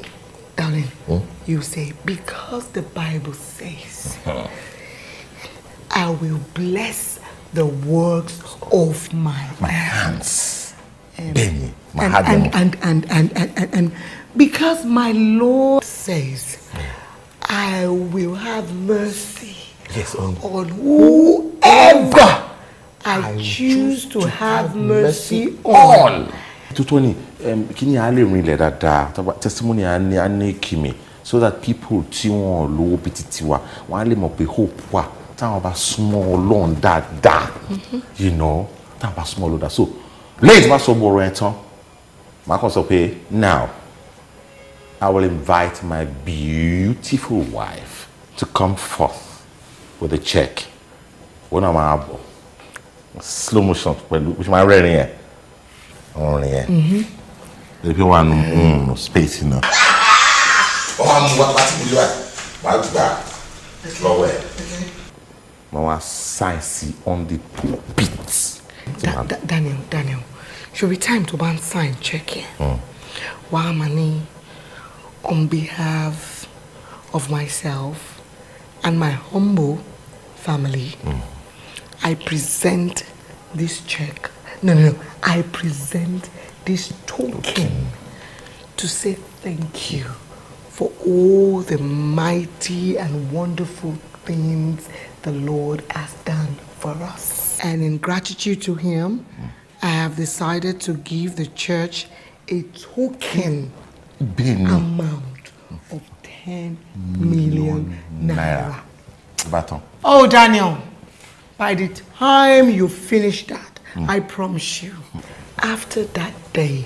Darling, hmm? you say, because the Bible says, I will bless the works of my, my hands. Benny, my and, and, and, and, and, and, and, and, because my Lord says, hmm. I will have mercy Yes, on, on whoever I choose to have mercy on. Tutu ni kíni a lè rin ilẹ̀ dáadáa testimony a ní a so that people tí wọ́n lówó bíi titi wa wọ́n á lè hope wà táwọn bá súnmọ́ ọlọ́run dáadáa mm-hmm. you know táwọn bá small loan. dáadáa so lẹ́yìn tí wọ́n sọ bọ̀rọ̀ ẹ̀ tán màá kàn sọ pé now I will invite my beautiful wife to come forth with a check wọn náà máa bọ̀ slow motion pẹ̀lú bí mm-hmm. wọ́n máa rẹ́rìn yẹn ọ̀rùn yẹn lè fi wà nù space náà. wọ́n máa mú wá pátí mi lọ́wọ́ máa gbà lọ́wọ́ ẹ̀. wọ́n wá sáìsì on the pulpit. Daniel, Daniel Daniel ṣòwò time to bá sign check yẹn mm. wàá máa ní on behalf of myself and my humble. family, mm. I present this check. No, no, no. I present this token okay. to say thank you for all the mighty and wonderful things the Lord has done for us. And in gratitude to Him, I have decided to give the church a token Bin. amount of 10 million, million naira. naira. Baton. Oh, Daniel, by the time you finish that, mm. I promise you, after that day,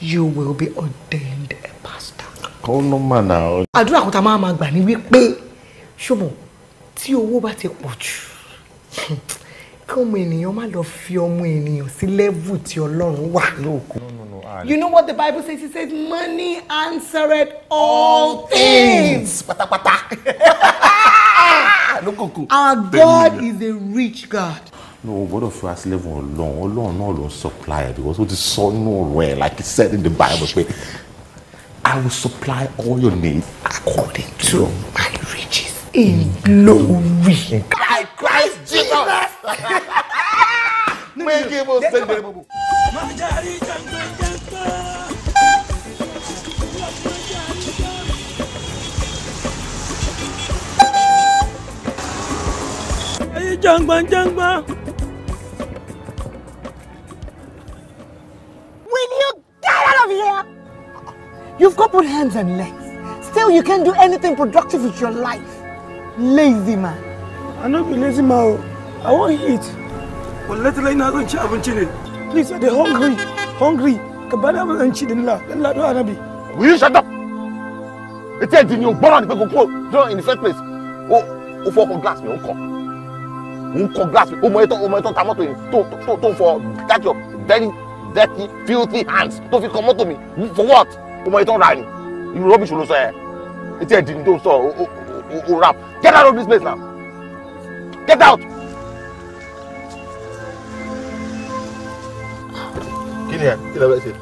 you will be ordained a pastor. Kọ́ ló mà náà. Àdúrà kan tá a máa ma gbà ní wípé ṣùgbọ́n tí owó bá ti pọ̀ jù my love. ènìyàn má lọ fi ọmọ ènìyàn sí lẹ́vù tí Ọlọ́run wà. Lóòkù you know what the bible says it says money answered all, all things. pátápátá lókùnkùn. our god is a rich god. no o gbọ́dọ̀ fi asilẹ fún Ọlọ́run Ọlọ́run náà ló ń supply ẹ because ó ti sọ nù ọ̀rọ̀ ẹ like he said in the bible pé i will supply all your needs. according to my riches in glory. in Christ Jesus. no, no, no. Make him a Majari jangkang jangkang. Majari jangkang Will you get out of here? You've got both hands and legs. Still, you can't do anything productive with your life. Lazy man. I don't be lazy man. I won't eat. Wallahi na zan ci abinci ne. please, they're hungry. Hungry. Kabada mo nchi din la. Din la do anabi. Will you shut up? It's a din yung brand pe koko. Don't in the first place. Oh, oh, for glass me, oh come. Oh, come glass me. Oh, my, eto o mo eto ta mọ́tò To to to for that your very dirty filthy hands. To come ko to me. For what? Oh my, eto ra You rubbish lo so eh. It's a din do so oh, oh, rap. Get out of this place now. Get out. kí ni ẹ kí lọ fẹ́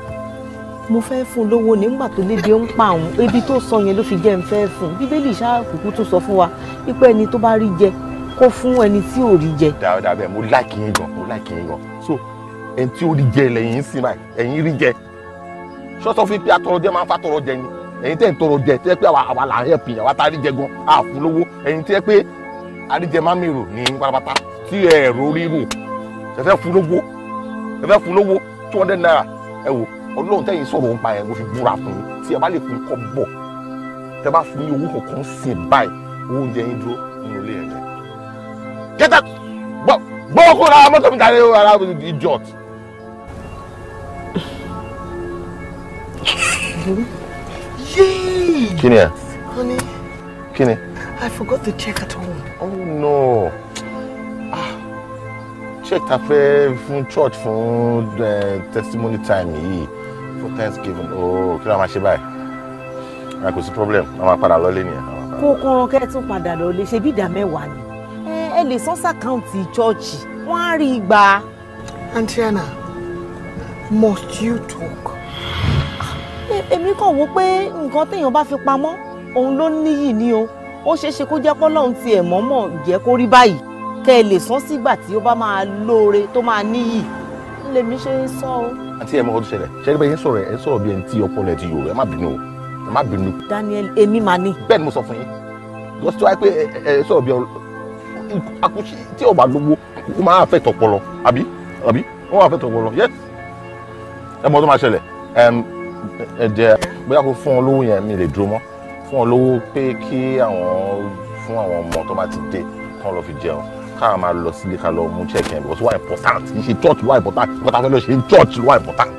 mo fẹ́ fún lówó nígbà tó lédè ń pa àwọn ebi tó sọ yẹn ló fi jẹ́ ń fẹ́ fún bíbélì ṣáàkùkù tún sọ fún wa wípé ẹni tó bá rí jẹ kó fún ẹni tí ò rí jẹ. dáadáa bẹ́ẹ̀ mo láìkì yín gan mo láìkì yín gan so ẹni tí ó rí jẹ lẹ́yìn sí máa ẹ̀yin rí jẹ ṣọ́sọ́ fi pé atọrọjẹ máa ń fa tọrọ jẹ ni ẹ̀yin tẹ̀ ń tọrọ jẹ tẹ́ pé àwa là ń yẹ pìyàn wa ta rí jẹ gan àfún lówó ẹ̀yin tẹ́ pé àríjẹ máa ń mèrò ní pátápátá tí ẹ̀rọ rírò ṣẹ̀fẹ̀ fún lówó ṣẹ̀fẹ̀ fún lówó two hundred naira ẹ wò ọlọ́run tẹ́yìn sọ̀rọ̀ ń pa ẹ̀ mo fi búra fún yín tí ẹ bá lè fún kọ́ bọ̀ tẹ bá fún yín owó kọ̀ọ̀kan sí i báyìí owó oúnjẹ yín dúró nínú ilé ẹ̀ kẹta gbọ́ kó ra mọ́tò mi tàbí ara idiot. Yay! kí ni ẹ. honey. kí ni. I forgot to check at home. oh no check ta fẹ́ fún church fún testimony time yìí fún thanksgiving ooo kí ló máa ṣe báyìí a ah, kò sí problem a máa padà lọlé nìyẹn. kókóró kẹ́ ẹ tún padà lọ lè ṣe bí ìdá mẹ́wàá ni ẹ lè san sàkáǹtì chọ́ọ̀chì wọ́n á rí i gbà. antiana must you talk. Ah, e, èmi kàn wò pé nǹkan téèyàn bá fi pamọ́ òun ló níyì ni o ó ṣeé ṣe kó jẹ́ pé Ọlọ́run tiẹ̀ mọ́mọ́ jẹ́ kó rí báyìí kẹ́ ẹ lè sán sígbà tí ó bá máa lóore tó máa níyì ń lèmi ṣe ń sọ o. àǹtí ẹ mọ ọdún ṣẹlẹ̀ ṣẹlẹ̀ bẹ yẹn sọ̀rọ̀ ẹ sọ̀rọ̀ bí ẹni tí ọpọlọ ẹ ti yòrò ẹ má bínú o ẹ má bínú. Daniel emi máa ní. bẹ́ẹ̀ ni mo sọ fún yín lọsí tó wáyé pé ẹ ẹ sọ̀rọ̀ bí akúṣe tí ọba lówó ó máa fẹ́ tọpọlọ àbí àbí ó máa fẹ́ tọpọlọ yẹ ẹ mọ ọdún máa ṣẹlẹ̀ ẹ jẹ bóyá kó fún ọ lówó yẹn mi lè dúró mọ́ fún ọ lówó pé kí àwọn fún àwọn ọmọ tó bá ti dé kán lọ fi jẹun káwọn máa lọ sílé ká lọ mú check yẹn because wà important kì í ṣe church wà important nǹkan tá a fẹ́ lọ ṣe church wà important.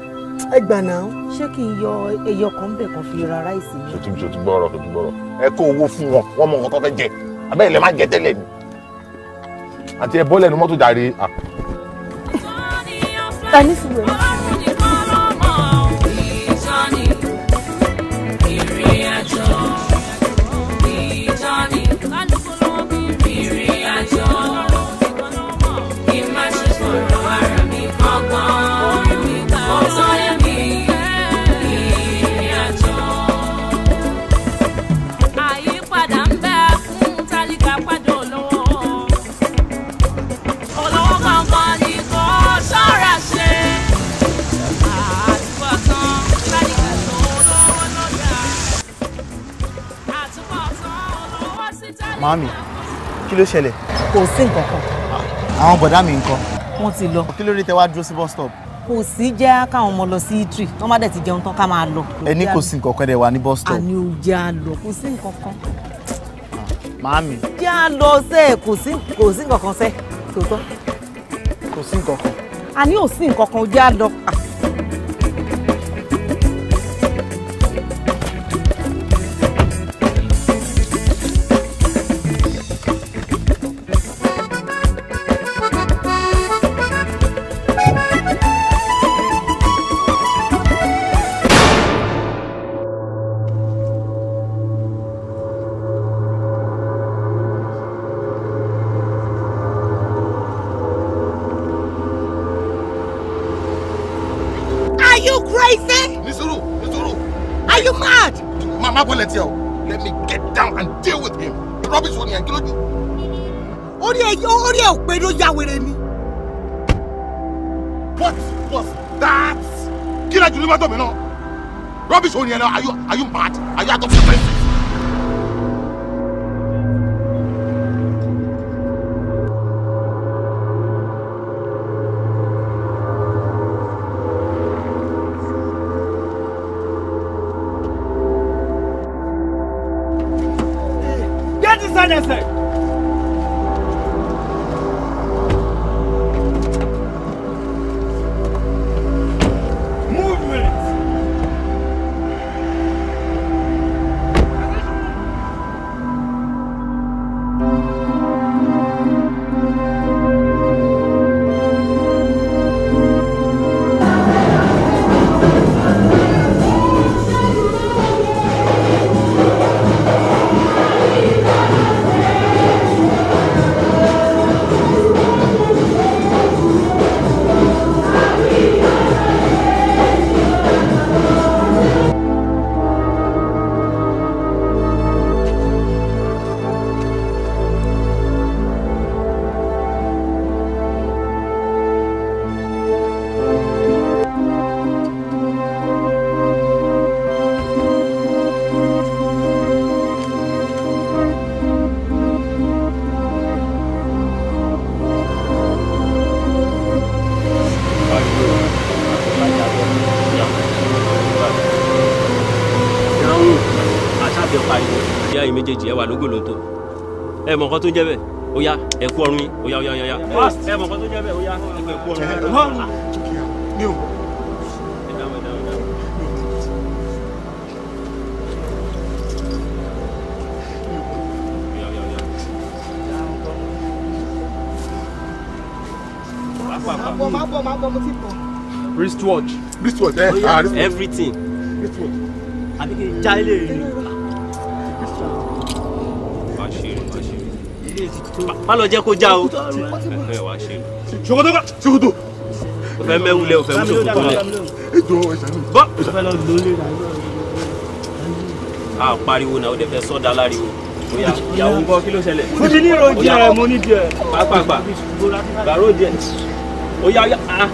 ẹ gbà náà ṣé kí n yọ ẹyọ kan bẹ̀ kan fi ra ráìsì mi. ṣòtú ṣòtú gbọ́rọ̀ ṣòtú ẹ kó owó fún wọn wọn mọ nǹkan tó fẹ́ jẹ abẹ́ ilẹ̀ má jẹ tẹ́lẹ̀ ni àti ẹ bọ́ lẹ́nu mọ́tò jàre. Ah. ta ní sùgbọ́n. Mami, kí ló ṣẹlẹ̀. kò sí nǹkan kan. àwọn bọ̀dá mi nǹkan. wọ́n ti lọ. kí ló dé tẹ wá dúró sí bus stop. kò sí jẹ́ káwọn ọmọ lọ sí itri wọ́n bá dẹ̀ ti jẹun tán ká máa lọ. ẹ ní kò sí nǹkan kan dẹ̀ wà ní bus stop. àní ò jẹ́ a lọ kò sí nǹkan kan. màámi. jẹ́ a lọ sẹ́ kò sí kò sí nǹkan kan sẹ́ tòótọ́. kò sí nǹkan kan. àní ò sí nǹkan kan ò jẹ́ a lọ. here now. Are you are you mad? Are you out of your senses? everything. àbí kí n já ilé rí. wàá ṣe é wàá ṣe é. má lọ jẹ́ kó já o. wàá ṣe é. ṣòkòtò ká ṣòkòtò. o fẹ́ mẹ́wù lẹ̀ o fẹ́ mú ṣòkòtò mo ti ní ìròyìn ẹ̀ mo ní díẹ̀ ó yá yá ah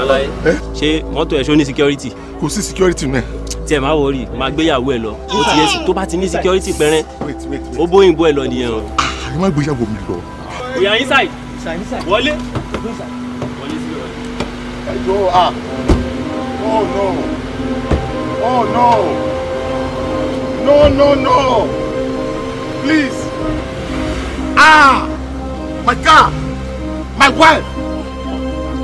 alaye eh? ṣé mọ́tò ẹ̀ ṣó ní security. kò sí security náà. tí ẹ máa wọrí máa gbéyàwó ẹ lọ ó ti yẹ sí tó bá ti ní security pẹ́rẹ́ ó bóyìnbó ẹ lọ nìyẹn o. àyè ah, má gbéyàwó mi lọ. ìyá inside wọlé wọlé sí ìrọ̀lẹ́. ẹjọ́ a ah. oh no oh no no no no please ah my car my wife.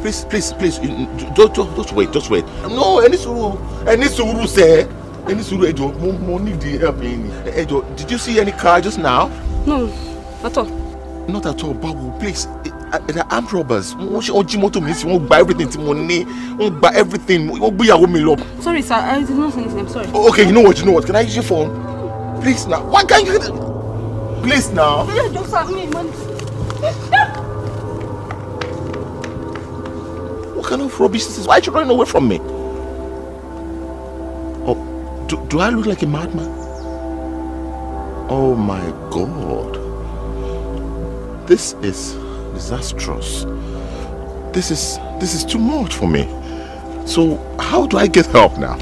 please please please just just just wait just wait no ẹni sùúrù ẹni sùúrù sẹ ẹni sùúrù ẹ jọ̀ọ́ mo mo need the help yín ni eh, did you see any car just now. no not at all. not at all báwo please eh, eh, they are armed robbers wọ́n ṣe wọ́n jí mọ́tò mi sí wọ́n gba everything tí mo ní wọ́n gba everything wọ́n gbéyàwó mi lọ. sorry sir i did not understand i'm sorry. Oh, okay you know what you know what can i use your phone please now why can't you please now. ṣe jọ sáà mi ìmọ̀ ní. kind of rubbish is this? Why are you running away from me? Oh, do, do I look like a madman? Oh my God. This is disastrous. This is, this is too much for me. So how do I get help now?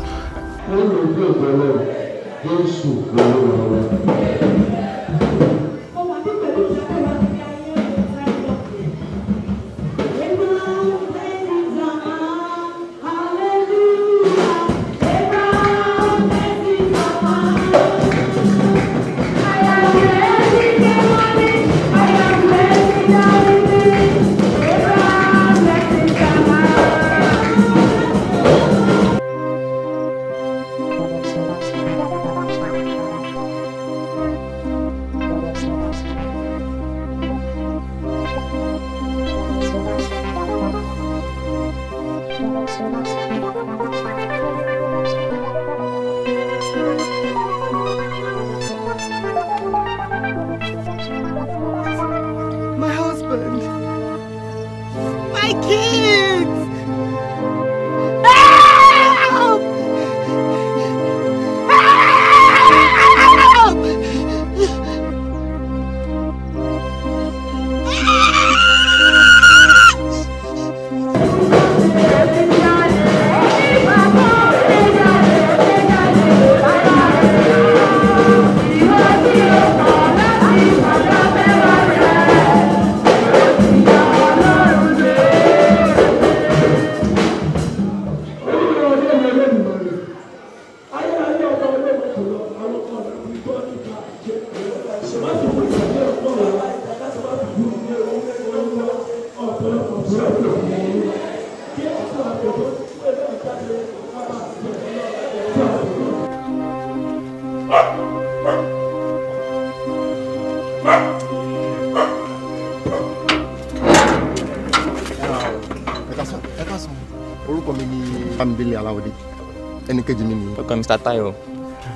kan Mr. Tayo.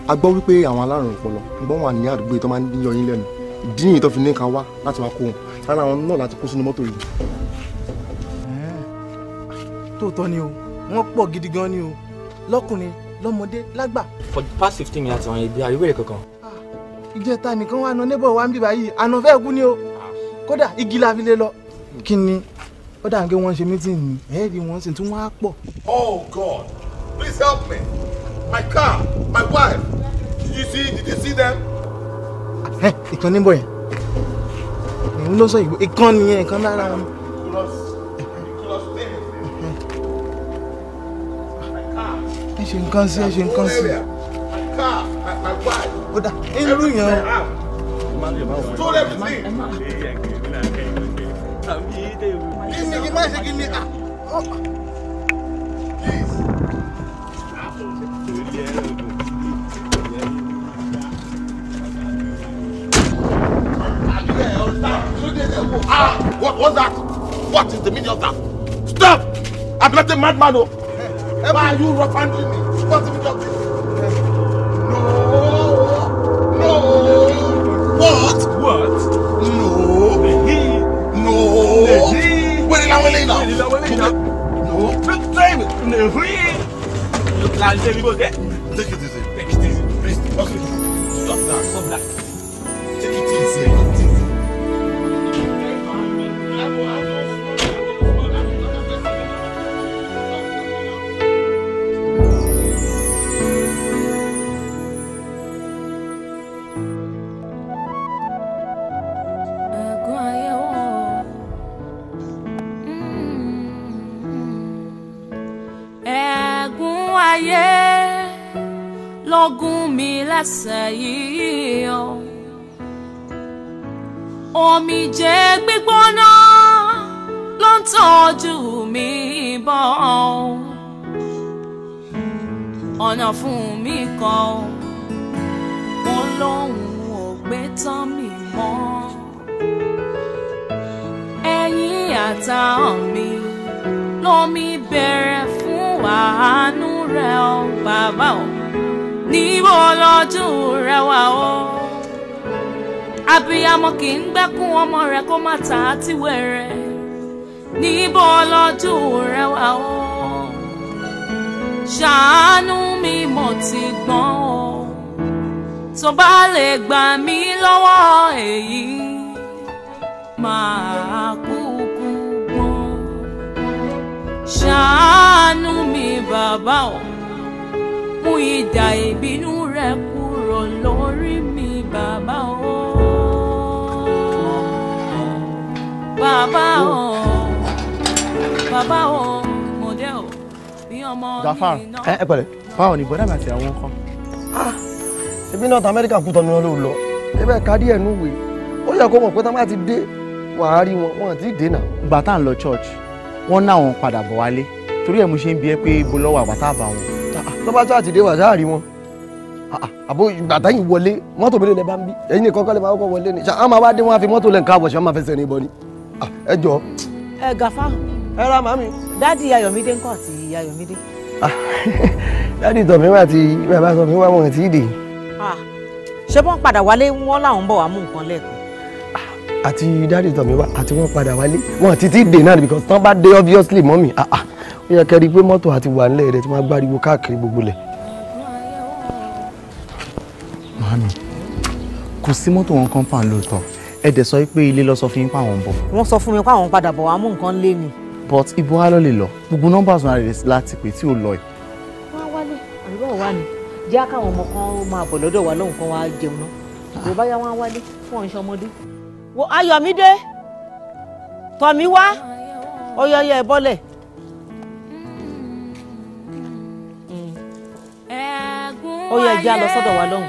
a gbọ́ wípé àwọn alárùn ọpọlọ gbọ́n wà ní àdúgbò tó máa ń yọ yín lẹ́nu ìdí nìyí fi ní ká wá láti wá kó wọn rárá àwọn náà láti kó sínú mọ́tò yìí. tóòtọ́ ni o wọ́n pọ̀ gidi gan ni o lọ́kùnrin lọ́mọdé lágbà. for the past fifteen minutes àwọn ibi àríwé rẹ̀ kankan. Ah, ìjẹta nìkan wà nọ neighbor wa ń bíbá yìí àná fẹ́ kú ni o kódà igi la fi lé lọ. kí ni ó dà ń gé wọn ṣe mítìnì ẹ̀ẹ́dì wọn sì tún wá pọ̀. oh god please help me my car, my wife. Did you see? Did you see them? Ẹ ìkan níbọ̀ yẹn. Èmi ló sọ ìgbò ìkan nìyẹn ìkan lára wọn. Ẹ ṣe nǹkan sí ẹ ṣe nǹkan sí. Ó dà irú yẹn o. Stole everything. Kí ni kí n má ṣe What was that? What is the meaning of that? Stop! I'm not a madman. Oh. Why are you rough handling me? What's the meaning of this? No! No! What? What? No! No! Where did I lay now? No! Name it! Al jeli bo de. Tek ki tezi. Tek ki tezi. Ok. Sot la. Sot la. Tek ki tezi. Ok. àṣàyí o omijé gbígbóná ló ń tọ́jú mi bọ̀ ọ̀nà fún mi kan mo lóhùn ò gbé tán mi mọ́ ẹ̀yìn àtàwọn mi lómi bẹ̀rẹ̀ fún àánú rẹ̀ ọ bàbá o níbo lọ́dún rẹ wà o abiyamọ kì í gbẹ́kún ọmọ rẹ kó má ta á ti wẹ̀rẹ̀ níbo lọ́dún rẹ wà o ṣàánú mi mo ti gbọ́n o tó bá lè gbà mí lọ́wọ́ èyí máa kúkú gbọ́n mi bàbá o mú idà ìbínú rẹ kúrò lórí mi bàbá o bàbá o bàbá o mọdẹ o bí ọmọ mi náà. ẹ pẹ̀lẹ́ báwo ni bọdá àti àwọn kan. Ah, ṣebí north america kú tọ́nu ló lọ ebe ka díẹ̀ núwe ó yẹ kó mọ̀ pé tá a bá ti dé wàá rí wọn wọn ti dènà. ìgbà ń lọ church wọ́n náà wọn padà bọ̀ wálé torí ẹ̀ mo ṣe ń bi ẹ́ pé ibo lọ́wọ́ àgbà bá wọn tó bá tó àtìdé wà sáà rí wọn ah, ah, àbó bàtà yìí wọlé mọ́tò mi lè bá ń bí ẹ̀yin nìkan kọ́lé máa kọ́ wọlé ni ṣá àwọn àwádìí wọn á fi mọ́tò lẹ̀ ń ká àbọ̀ṣẹ́ wọn máa fẹsẹ̀ ní ìbọn ni ah, ẹ jọ. ẹ gàfá. ẹ ra màmí. dáàdi Ayọ̀mídé ńkọ́ àti Ayọ̀mídé. dáàdi tọ̀míwá àti bàbá tọ̀míwá wọn ti dè. ṣé wọ́n padà wálé wọn làwọn bọ̀ wá mú nǹkan lẹ́ẹ̀kan. àti dáàdi tọ̀míwá àti wọ́n padà wálé wọn ti ti dè náà because tán bá dé obviously mọ́mì ah ah ó yẹ kẹ́rí pé mọ́tò àti wà nílẹ̀ rẹ̀ ti máa gbáriwo káàkiri gbogbo lẹ̀. màámi kò sí mọ́tò wọn kan fàn lóòótọ́ ẹ dẹ̀ sọ pé ilé lọ sọ fún yín pé àwọn ń bọ̀. wọ́n sọ fún mi pé àwọn ń padà bọ̀ wá mú nǹkan lé ni. but ibo wa ló lè lọ gbogbo nọ́mbà sùn àrè láti pè tí ò lọ yìí. wọ́n á wálé àríwá wa ni jẹ́ káwọn ọmọ kan máa bọ̀ lọ́dọ̀ wa lóhùn kan wá jẹun náà yorùbá yá wọn á wálé fún ọ̀nṣẹ́ ọmọdé. wo ayọ̀mídé tọ̀mí wá ọyọyọ ẹ̀ ó yẹ ẹja lọ wa lọ́hùn.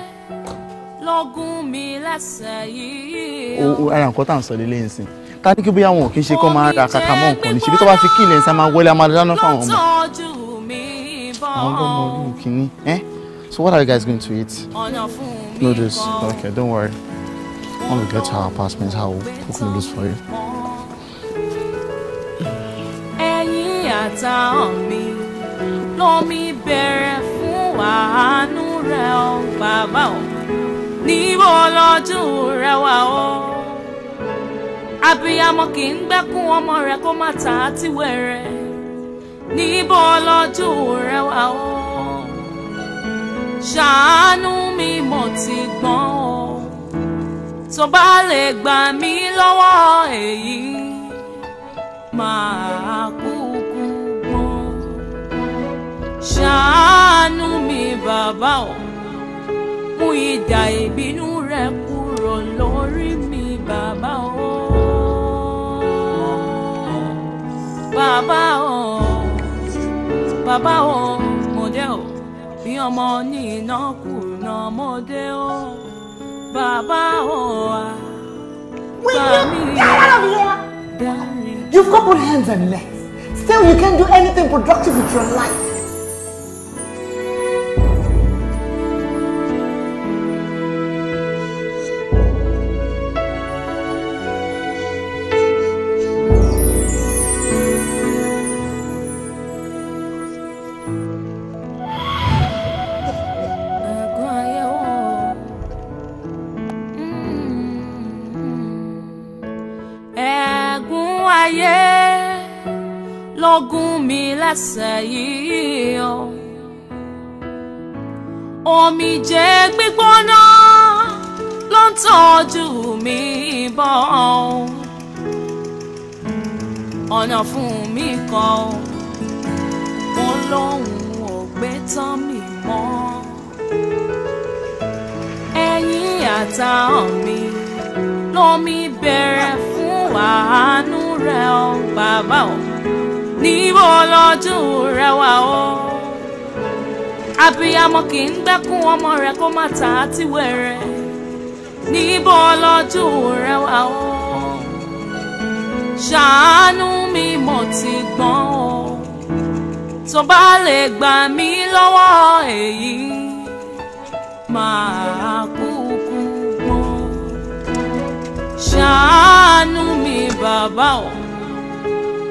lọ́gùn mi lẹ́sẹ̀ yìí. o ara nǹkan tá à ń sọ lélẹ́yìn sí ta ní kí bóyá wọn ò kí ń ṣe kó máa ra kàkà mọ́ nǹkan ní bí tó bá fi kí ilẹ̀ ń máa wọlé a máa dáná fáwọn ọmọ. àwọn ọmọ ọdún kìíní ẹ so what are you guys going to eat? noodles okay don't worry when we get to our apartment I will cook noodles for you. ẹyin àtàwọn mi lọ́mí bẹ̀rẹ̀ fún wàhánú rẹ o bàbá o níbo lọ́dún rẹ wà o. abiyamọ kì í gbẹ́kún ọmọ rẹ kó má ta á ti wẹ̀rẹ̀ níbo lọ́dún rẹ wà o. ṣàánú mi mọ̀ ti gbọ́n o tó bá lè gbà mí lọ́wọ́ èyí máa kúkú gbọ́n ṣàánú ṣàánú mi bàbá o mú ìdà ìbínú rẹ kúrò lórí mi bàbá o bàbá o bàbá o mọdé o bí ọmọ ní iná kùnà mọdé o bàbá o a gbà mí dárí. You've got both hands and legs. Still, you can't do anything productive with your life. sẹ́yìn o omijé gbígbóná ló ń tọ́jú mi bọ̀ ọ̀nà fún mi kan mo lóhùn ò gbé tán mi mọ́ ẹ̀yìn àtàwọn mi lómi bẹ̀rẹ̀ fún àánú rẹ̀ o bàbá o níbo lọ́dún rẹ wà o. abiyamọ kì í gbẹ́kún ọmọ rẹ kó má ta á ti wẹ̀rẹ̀ níbo lọ́dún rẹ wà o. ṣàánú mi mo ti gbọ́n o tó bá lè gbà mí lọ́wọ́ èyí máa kúkú gbọ́n ṣàánú mi bàbá o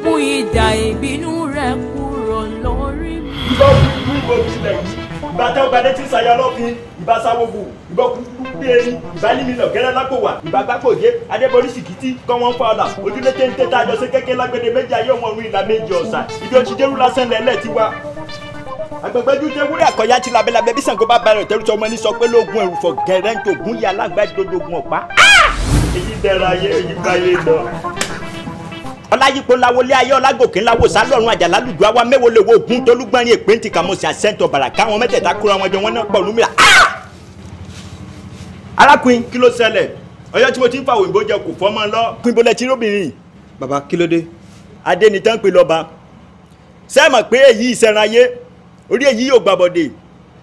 mú ìdà ìbínú rẹ kúrò lórí mi. ìbá kúkú ìbò tilẹ̀ ìbá tẹ́ gbadé tí sàyà lọ́fin ìbá sáwọ́gbò ìbá kúkú bí erin ìbá nímìnà gẹ́rẹ́ lápò wà ìbá gbàgbọ́dé adébọ̀rí sìkìtì kọ́wọ́n fàlà ojúlé téńté tá a jọ sí kékeré lágbèdè méjì ayé ọmọ orin ìlà méjì ọ̀sà ibi ó ti dérú lásán lẹ́lẹ́ tiwa agbẹgbẹju tẹ wúrẹ àkọyá ti labẹlabẹ bí Ṣàngó bá balẹ̀ tẹrù tí ọmọ ní sọ pé lóògùn ẹrù fọ gẹrẹ ń tògùn yìí alágbàdo lóògùn ọ̀pá. Ah! èyí dára ayé èyí báyé lọ ọláyípo lawolé ayé ọlágòkè ńláwó sálọ̀run àjàlá lùdú àwa mẹ́wòó lè wo ògún tólúgbọ́nrin èpè ntì kàmọ́sí àṣẹ́ntọ̀ bàrà káwọn mẹ́tẹ̀ẹ̀ta kúra wọn jọ wọn náà pọ̀ lómìnira. Ah! arákùnrin kí ló ṣẹlẹ̀ ọyọ́ tí mo ti ń fa òyìnbó jẹ kò fọ́ lọ. pin bolẹ̀ tí lóbìnrin. baba kí ló dé. adé ni tán pé lọ́ba sẹ́mọ̀ pé èyí ìṣẹ̀ran ayé orí èyí yóò gbàbọ̀dé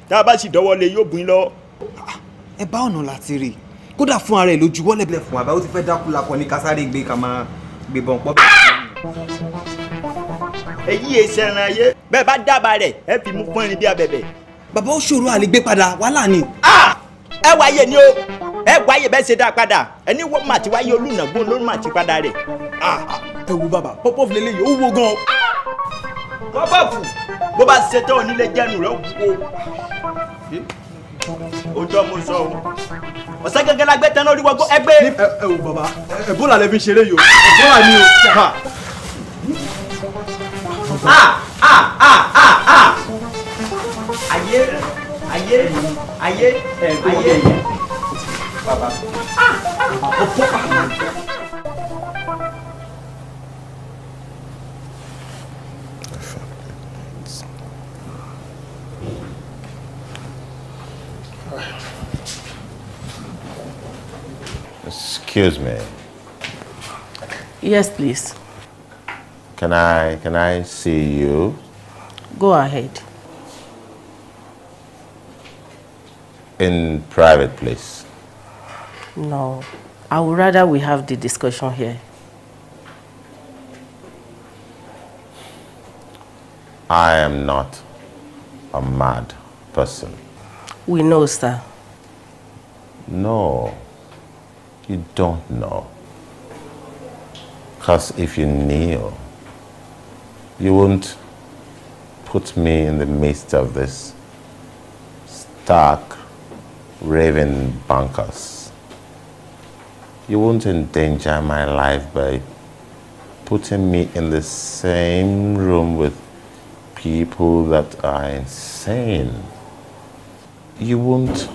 tá a bá sì dọ́wọ́ lé yóò bùn lọ. ẹ bá ọ̀nà láti rè kódà fún ara ẹ̀ lójú wọ́lẹ̀ bẹ̀rẹ̀ fún wa bá ti fẹ́ dákú lakọ ní kásáré gbé kàmáà gbébọn pọ́ bẹ́ẹ̀. èyí èsì ẹran ayé bẹ́ẹ̀ bá dábàá rẹ̀ ẹ fi mú fún irin bí abẹ̀bẹ̀. bàbá ó ṣòro àlégbé padà wàhálà ni. ẹ wáyé ni o ẹ wáyé bẹ́ẹ̀ ṣe dáa padà ẹni wọ́n mà ti wáyé olùnàgbọ́n ló mà ti padà rẹ̀. ẹ wo bàbá pọ́pọ́fù lélẹ́yìí ó wo gan. pọ́pọ́fù bó bá ṣetán onílé jẹ́nu rẹ̀ wò ó ọjọ́ mo sọ o ọ̀sẹ̀ gẹ́gẹ́ la gbé tẹ́ná orí wọgbó ẹgbẹ́. ẹ ẹ wò bàbá ẹ̀bùn làlẹ́ fi ṣeré yìí o ẹ̀bùn là o. ayé ayé ayé ayé bàbá. Ah, ah. Excuse me. Yes, please. Can I can I see you? Go ahead. In private, please. No. I would rather we have the discussion here. I am not a mad person. We know, sir. No, you don't know. Because if you knew, you wouldn't put me in the midst of this stark, raving bankers. You wouldn't endanger my life by putting me in the same room with people that are insane you won't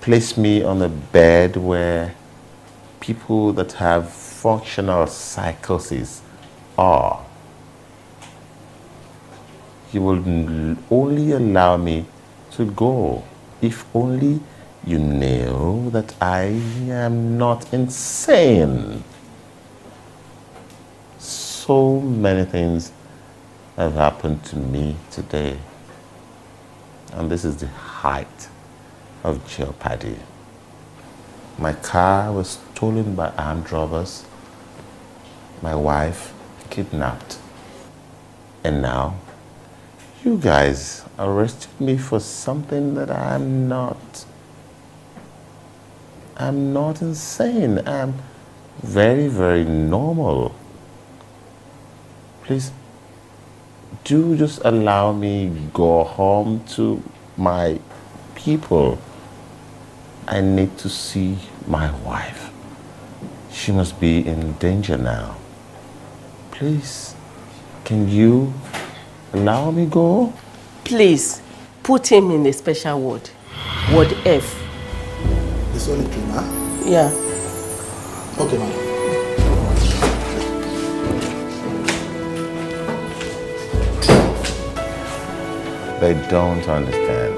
place me on a bed where people that have functional psychoses are. You will only allow me to go if only you know that I am not insane. So many things have happened to me today. And this is the height of jeopardy. My car was stolen by armed robbers, my wife kidnapped. And now, you guys arrested me for something that I'm not. I'm not insane. I'm very, very normal. Please do just allow me go home to my people, I need to see my wife. She must be in danger now. Please, can you allow me go? Please, put him in a special ward. Ward F. It's only two, huh? Yeah. Okay, ma'am. They don't understand.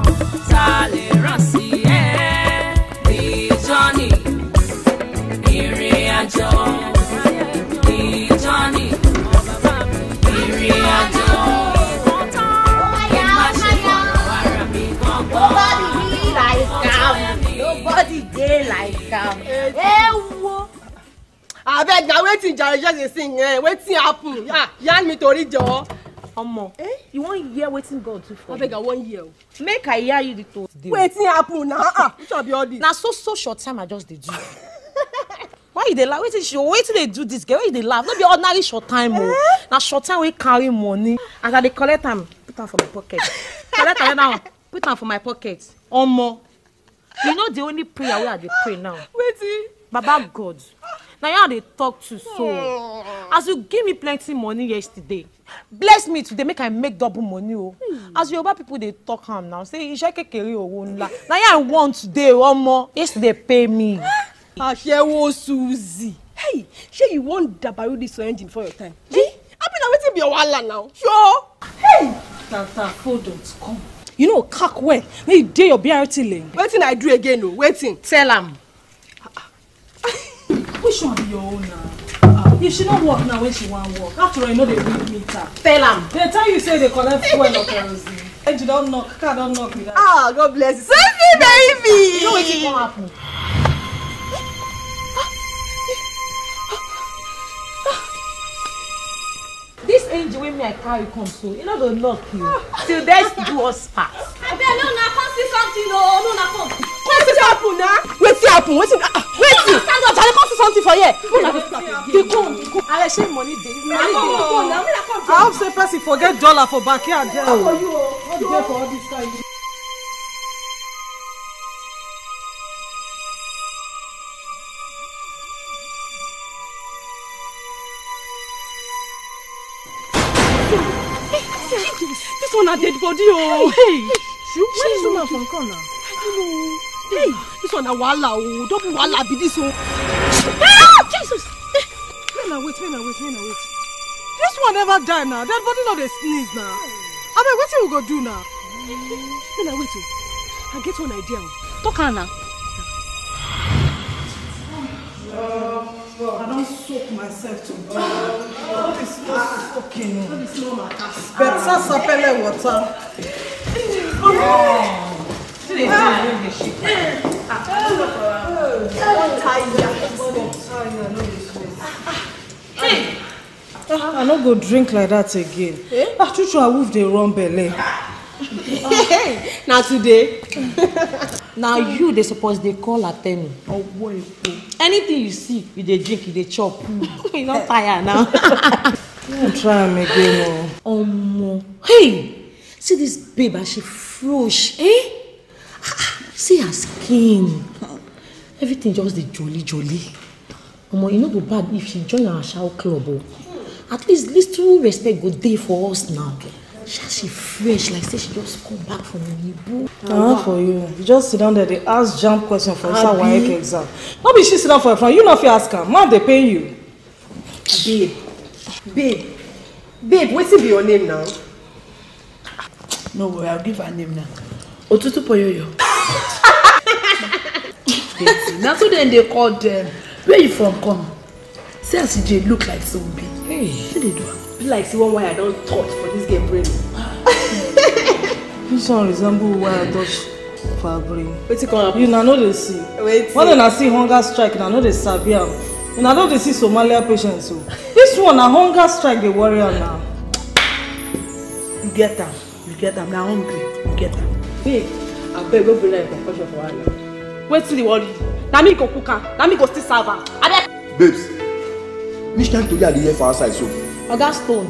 ewo abeg na wetin jare just dey sing eh wetin happen yarn me tori jọ. omo eh, you wan hear wetin god do for you. abeg i wan hear make i hear you the tori. wetin happen na ah which be all this? na so so short time i just dey do. why you dey laugh wetin she wetin dey do this girl why you dey laugh no be ordinary short time o eh? na short time wey carry money as i dey collect am put am for my pocket collect am now put am for my pocket omo you know the only prayer wey i dey pray now wetin baba god na you i dey talk to so oh. as you give me plenty money yesterday bless me today make i make double money o oh. mm. as yoruba people dey talk am now say iṣẹ́ kékeré owó ńlá na you i want today ọmọ yesterday pay me. aṣẹ́wó suzy hey ṣé you wan dabaru dis your engine for your time. abi na wetin be your wahala now. sure. hey tata fold dot com you no knack well make you dey your brt lane. wetin i do again o oh? wetin. tell am. which one be your own na ah, if she no work now, when she wan work after all you no dey read meter. tell am. dey tell you say dey collect fuel or kerosene. Edge don knock car don knock me down. ah god bless you. save me baby. you know wetin come happen. This angel wey me i carry come so e no go knock you till death do us part. abeg no una come see something oo no una come. wetin happen na. wetin happen wetin ah, ah, wetin stand up jare come see something for here. no na dey come dey go. ale shey money dey money dey. i hope say person forget dollar for backyard. i for you oo. you dey for all dis kind. on na dead body o. Oh. Hey, where is Uma from come now? Hey, this one a walla. o, oh. double wahala be this Oh, Ah, Jesus! May eh. now, wait, now, wait, now. wait. This one never die now. dead body not a sneeze now. I Abeg, wetin we go do now? May na wait o, oh. I get one idea o. Talk am na. I don't soak myself to death. What is this fucking? What is not my task. Better sapele water. Oh. Today, today, I no go drink like that again. Eh? Ah, true, true, I wolf the wrong belly. na today na you dey suppose dey call attorney. ọwọ́ epo. anything you see you dey drink you dey chop you no tire now. no try am again o. Oh. ọmọ hey see this babe as she fresh eh see her skin everything just dey jolly jolly omo e no go bad if she join our shower club o oh. at least little respect go dey for us now. Okay she fresh like say she just come back from the Ibu. Ah, for you. You just sit down there, they ask jump question for Sir WAEC exam. Not be she sit down for her friend, you no fit ask her. man they pay you. Babe, babe, babe, it be your name now? No worry, I'll give her name now. Otutu Poyoyo. Now so then they call dem. Where you from come? See as you dey look like zombie. Hey. What dey do be like say one wire don touch for this game brain which one resemble wire touch for her brain wetin come happen you na no dey see when una see hunger strike na no dey sabi am una no dey see somalia patients o oh. This one na hunger strike dey worry am na. you get am you get am na hungry you get am. babe abeg no bring that confusion for her now. wetin dey worry you na me go cook am na me go still serve am. babes which kind tori i dey hear for outside so oga stone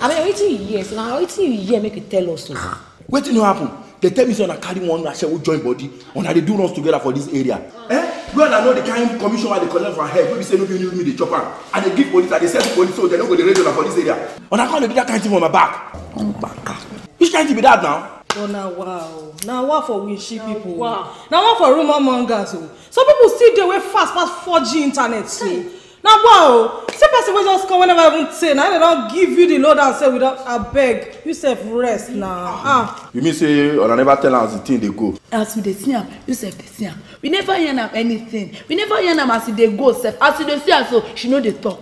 i mean wetin you hear so na wetin you hear make you tell us o. Ah. wetin no happen dey tell me say una carry one asewo join body una dey do runs together for dis area. Ah. Eh? well i know the kind commission i dey collect for head wey be say no be only me dey chop am i dey give police i dey sell to police so dem no go dey raise una for dis area una come dey do that kind thing for my back. nkpaka. which kind thing be that now. Oh, na wa o na wa for winshi pipo na wa for rumour mongers o oh? some pipo still dey wey fast pass 4g internet so. Hey. Now, wow see person wey just come whenever I want to say Now, dem don't give you the load and say without I beg you sef rest na. Uh. you mean say I never tell am as the thing dey go. as we dey see am you sef dey see am we never hear am anything we never hear am as e dey go sef as you e dey see am so she know they talk.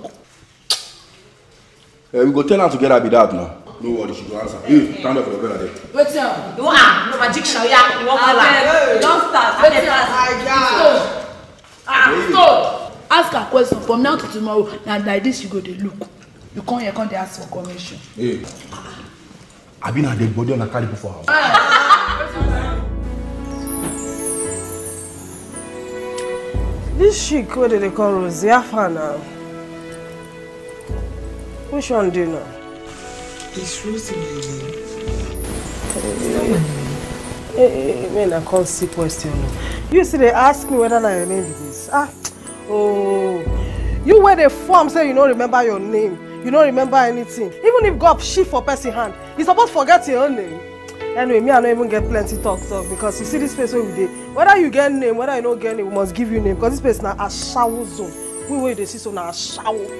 Uh, we go tell her together be that now. no worry she go answer you stand up for the better day. Wait, sir. you want am no magic show ya you wan call am. abeg don start abeg start. so ah stop ask her question from now to tomorrow na like this you go dey look you come here come dey ask for commission. Hey. abi na dead body una carry put for house. this chick wey dem dey call rosie afa na which one do you know. it's rosie lele. Hey, hey, hey, man, I can't see question. You see, they ask me whether I remember this. Ah, oh you wear the form say you no remember your name you no remember anything even if god shift for person hand you suppose forget your own name anyway me i don't even get plenty talk talk because you see this place wey we dey whether you get name whether you no get name we must give you name because this place na shower zone we wey you dey see so na asawo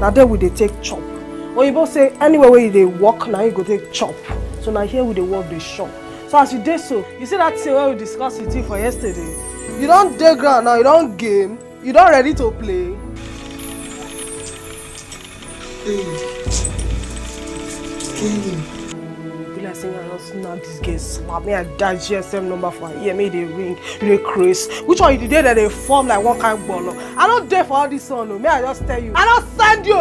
na there we dey take chop oyibo say anywhere where you dey walk, na you go take chop so na here we dey walk dey shop so as you dey so you see that thing wey we discuss with you for yesterday you don't dey ground now you don't game You don ready to play? Be like saying I don snap this girl slap me I die GSM number for her ear make dey ring they craze which one you dey that they form like one kind gbolo I don dey for all this one o may I just tell you I don send you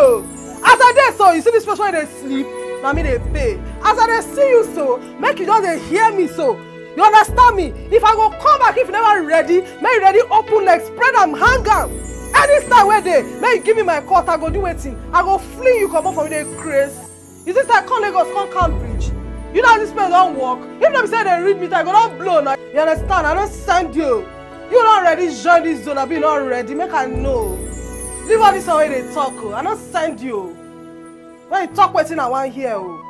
as I dey so you see this person wey dey sleep na me dey pay as I see you so make you just dey hear me so you understand me if i go come back if you never ready make you ready open leg spread am hang Any anytime where they make you give me my cut i go do waiting. i go fling you come up from you dey craze you see say i come lagos come Cambridge. you know this place don't work if them say they read me, i go don blow na you understand i don send you you not ready join this zone abi you not ready make i know leave all this away. They talk oh. i don send you when you talk waiting, i wan hear oh.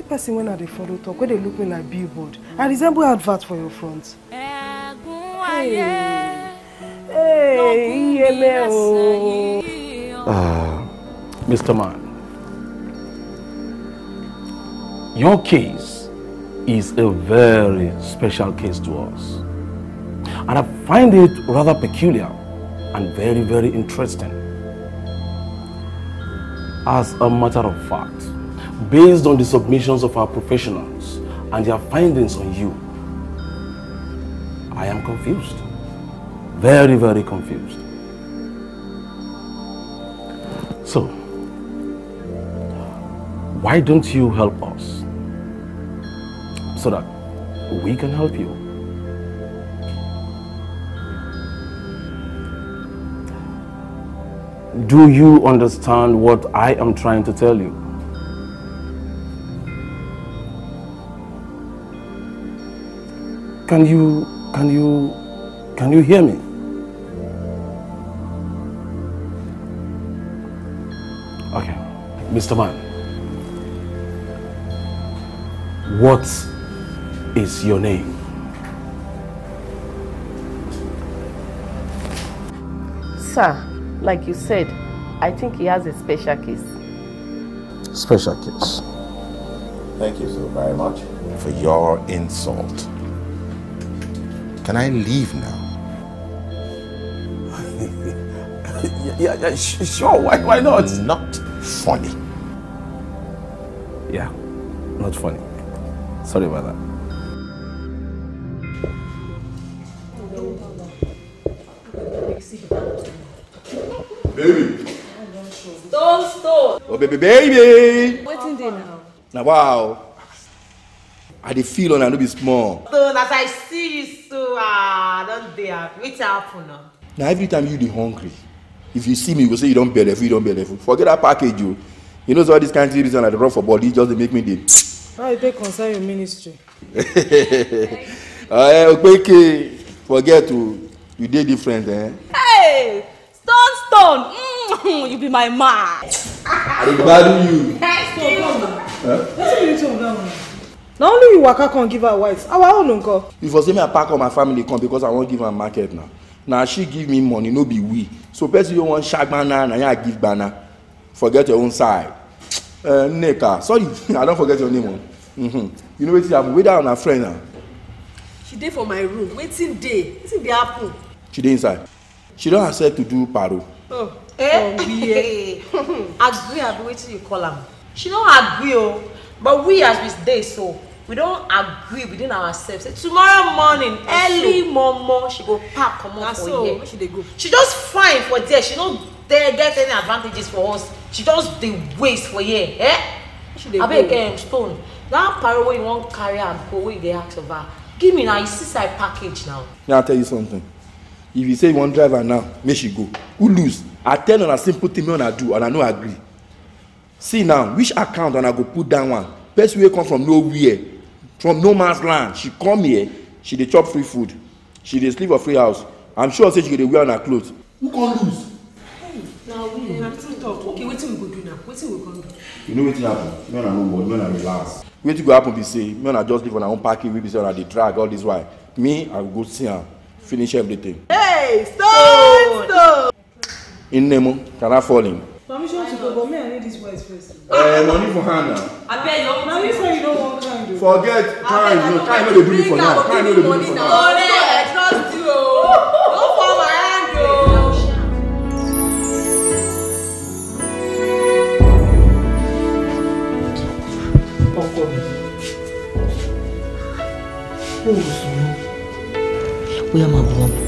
see person when i dey follow talk wey dey look me like billboard i resemble advert for your front. ẹ̀gún ayé lókun mi Mr. Ah, Man, your case is a very special case to us. And I find it rather peculiar and very, very interesting. As a matter of fact, based on the submissions of our professionals and their findings on you, I am confused. Very, very confused. So, why don't you help us so that we can help you? Do you understand what I am trying to tell you? Can you, can you, can you hear me? Okay, Mr. Man, what is your name? Sir, like you said, I think he has a special case. Special case. Thank you so very much for your insult. Can I leave now? yeah, yeah, sure. Why, why not? Not funny. Yeah, not funny. Sorry about that. Baby. Don't stop. Oh, baby, baby. What's in there now? Now, wow. i dey feel una no be small so as i see you so ah i don dey happy wetin happen na na every time you dey hungry if you see me you go say you don belleful you don belleful forget that package o oh. you know say all this kind thing reason i dey rub for body just dey make me dey. how you take concern your ministry. ọ̀ẹ́ òpèké eh, forget o oh. you dey different. Eh? Hey, stone stone mm, you be my man. i dey value you. Hey, so Wetin you do to am now? na only you waka come give her wife our own nko. you for say me i pack all my family come because i wan give am market na na she give me money no be we so person wey wan sha gbana na I give gbana forget your own side uh, nneka sorry i don forget your name o oh. mm -hmm. you know wetin happen whether una friend na. she dey for my room wetin dey wetin dey happen. she dey inside she don accept to do paro. oh eh oh, we eh? agree abi wetin you call am she no agree o oh. but we as we dey so we don agree within ourselves say tomorrow morning early momo she go pack comot for here she she just fine for there she no dey get any advantages for us she just dey waste for here eh abeg um, stone that parrot wey you wan carry am go wey you dey ask of her give me na you see side package now. may i tell you something if you say you wan drive her now make she go who lose i tell una simple thing wey una do and i no agree see now which account una go put that one person wey come from nowhere from no man's land she come here she dey chop free food she dey sleep for free house i'm sure say she go dey wear una cloth who come lose. na we na wetin talk okay wetin we go do now wetin we come do. you know wetin happen Men are no worry make una relax. wetin go happen be say Men are just live on our own parking We be say una dey drag all this while me i go see am finish everything. hey stone stone. in nemo can i fall in. Permission to go, but may I need this words first. Uh, money for Hannah. now. I bet you. Now you say you don't want to kind. Forget kind. No, kind. No, they do it for now. Kind. No, they do for now. Oh, I trust you. Oh. Don't fall my hand, yo. Oh. ọkọ mi ó ò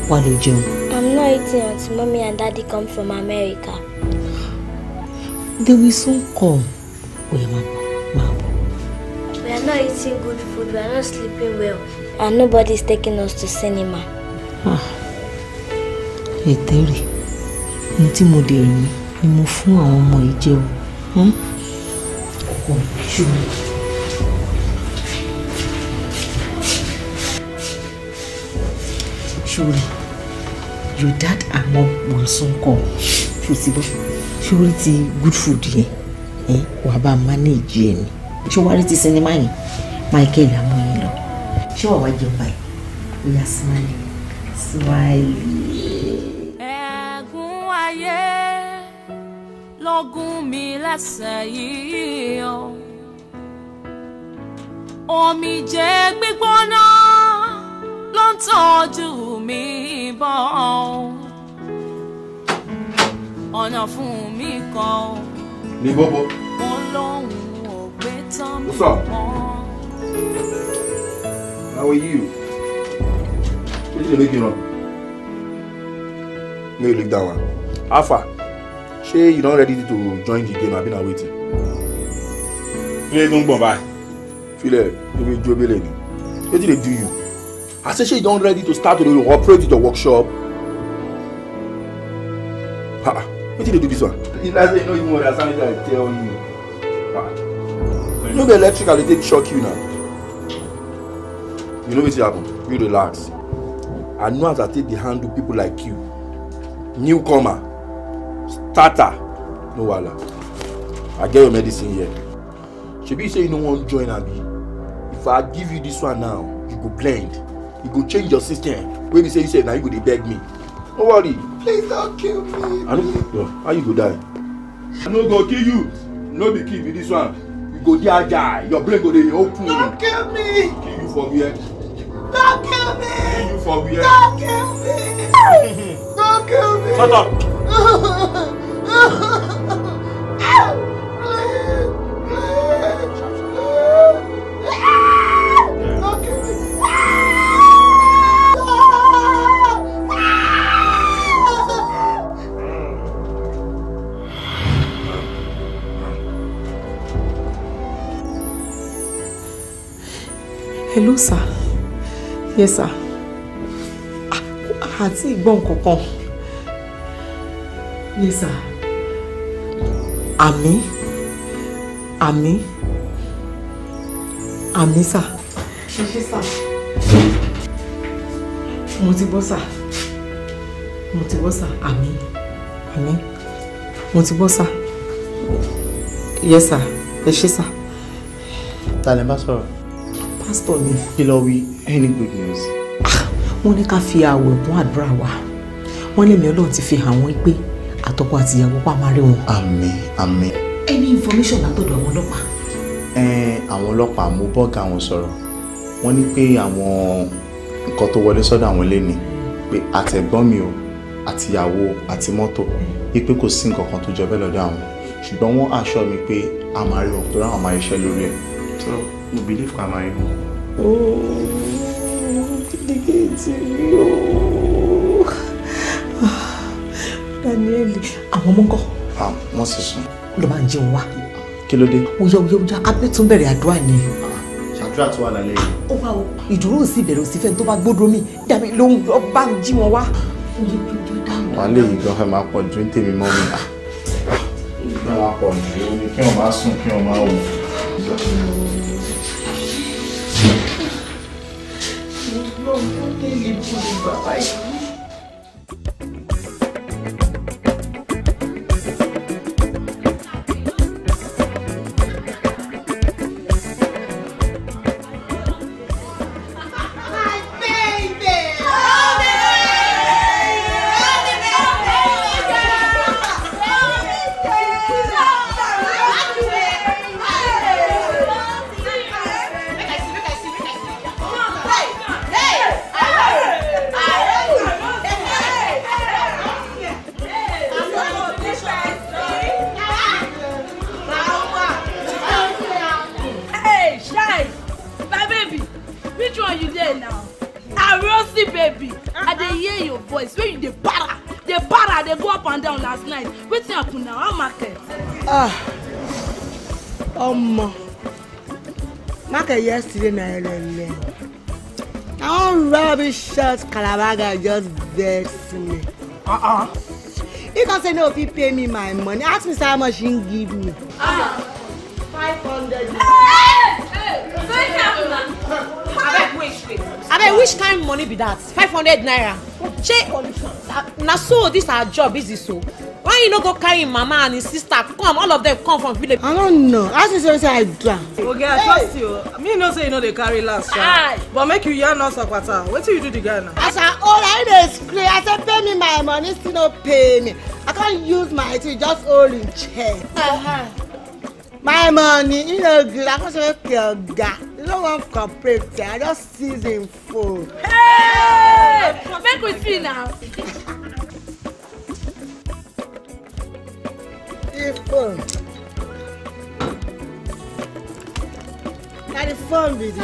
sọ̀rọ̀ bóyá you bọ̀ I'm not eating until mommy and daddy come from America. They will soon come. Oya ma bọ̀, We are not eating good food, we are not sleeping well, and nobody is taking us to cinema. Ah, ètè rè ní tí mo dè rìn ni mo fún àwọn ọmọ yìí jẹ o. Hm? Ọkọ mi ṣùgbọ́n. Surely, your dad and mom will soon come. Ṣùtìbọ̀ security good food yẹn ẹ wàá bá manage ẹ ni ṣé wàá rí ti sinimá yẹn Michael amóyin lọ ṣé wàá wá jẹun báyìí oya smile smile. ẹ̀gún ayé lọ́gùn mi lẹ́sẹ̀ yìí o omijé gbígbóná ló ń tọ́jú mi bọ́ ọ̀nà fún mi kan o. ní gbogbo. mo lóhùn ò gbé tán mi kan. How are you? What you looking on? No, you look that one. How far? Ṣé you don ready to join the game? I've been waiting. Ilé tó ń gbọ̀n báyìí. Filẹ̀ ebi ju obìnrin ni. Wetin dey do you? I say she don't ready to start to operate the workshop? Ha! wetin dey do dis one. if na say you no even understand wetin i tell you. Ah. no be electrical dey take shock you now. you know wetin happen you relax i know as i take dey handle people like you newcomer starter no wahala i get your medicine here shebi you say you no wan join abi if i give you this one now you go blend you go change your system wey be say you say na you go dey beg me no worry Please don't kill me. I no, no. How you go die? I no go kill you. No be kill me this one. You go there die. Your brain go dey open. Don't kill me. Kill you for me. Don't kill me. Kill you for where? Don't kill me. don't kill me. Shut up. yes sir ah, àti ìgbọ́n kankan yes sir àmì àmì àmì sà ṣe ṣe sà mo ti gbọ́ sà mo ti gbọ́ sà àmì àmì mo ti gbọ́ sà yes sir ẹ ṣe sà. ta lè bá sọ̀rọ̀ pásítọ̀ ni. kí ló wí any good news. wọ́n ní ká fi àwẹ̀ kún àdúrà wa wọ́n lẹ́mìí ọlọ́run ti fi hàn wọ́n pé àtọkọ àtìyàwó pa máa rí wọn. àmín àmín. any information látọ̀dọ̀ àwọn ọlọ́pàá. ẹ àwọn ọlọ́pàá mú bọ́ọ̀gà àwọn sọ̀rọ̀ wọ́n ní pé àwọn nǹkan tó wọlé sọ́dọ̀ àwọn ilé ni pé àtẹ̀gbọ́n mi o àtìyàwó àti mọ́tò wípé kò sí nǹkan kan tó jọ bẹ́ẹ̀ lọ́dọ̀ àwọn ṣùgbọ́n wọ́n assure mi pé a máa rí wọn tó ráwọn máa ṣiṣẹ́ lórí ẹ̀ so mo believe ká máa rí wọn dígéètì mi o Daniel àwọn ọmọ kọ. Ah, wọ́n sì sùn. ló máa ń jẹun wá. kí ló dé. oya oya oya abẹ́ tún bẹ̀rẹ̀ àdúrà ni. Ah, ṣàdúrà tó wà lálẹ́ yìí. ó wà o ìdúró ò sì bẹ̀rẹ̀ òsì fẹ́ni tó bá gbódò mi dàbí ló ń bá ń jí wọn wá. wàá lè yí gan-an máa pọ̀ ju tèmi mọ́ mi. ìgbà ah. wa pọ̀ jù ó ní kí wọ́n máa sùn kí wọ́n máa wò. Lord, eu tenho que ir para papai. ọmọ market yesterday na ẹlẹlẹ àwọn rubbish short calabaga just vex me. Uh-uh. he come say no fit pay me my money ask me how much he give me. Ah, five hundred. abeg which kind money be that five hundred naira shey na so this our job busy so why you no go carry mama and his sister come all of them come from village. i don't know ask me say i drown. oge i trust you me know say you no dey carry last sha but make you yarn us akwata wetin you do the guy now. as i old i dey scream i say pay me my money still no pay me i come use my thing just hold him chair. Uh -huh. my money e no good i come say make you oga you no wan cooperate i just seize him phone. Hey! make we see now. the fun, Got the phone with you.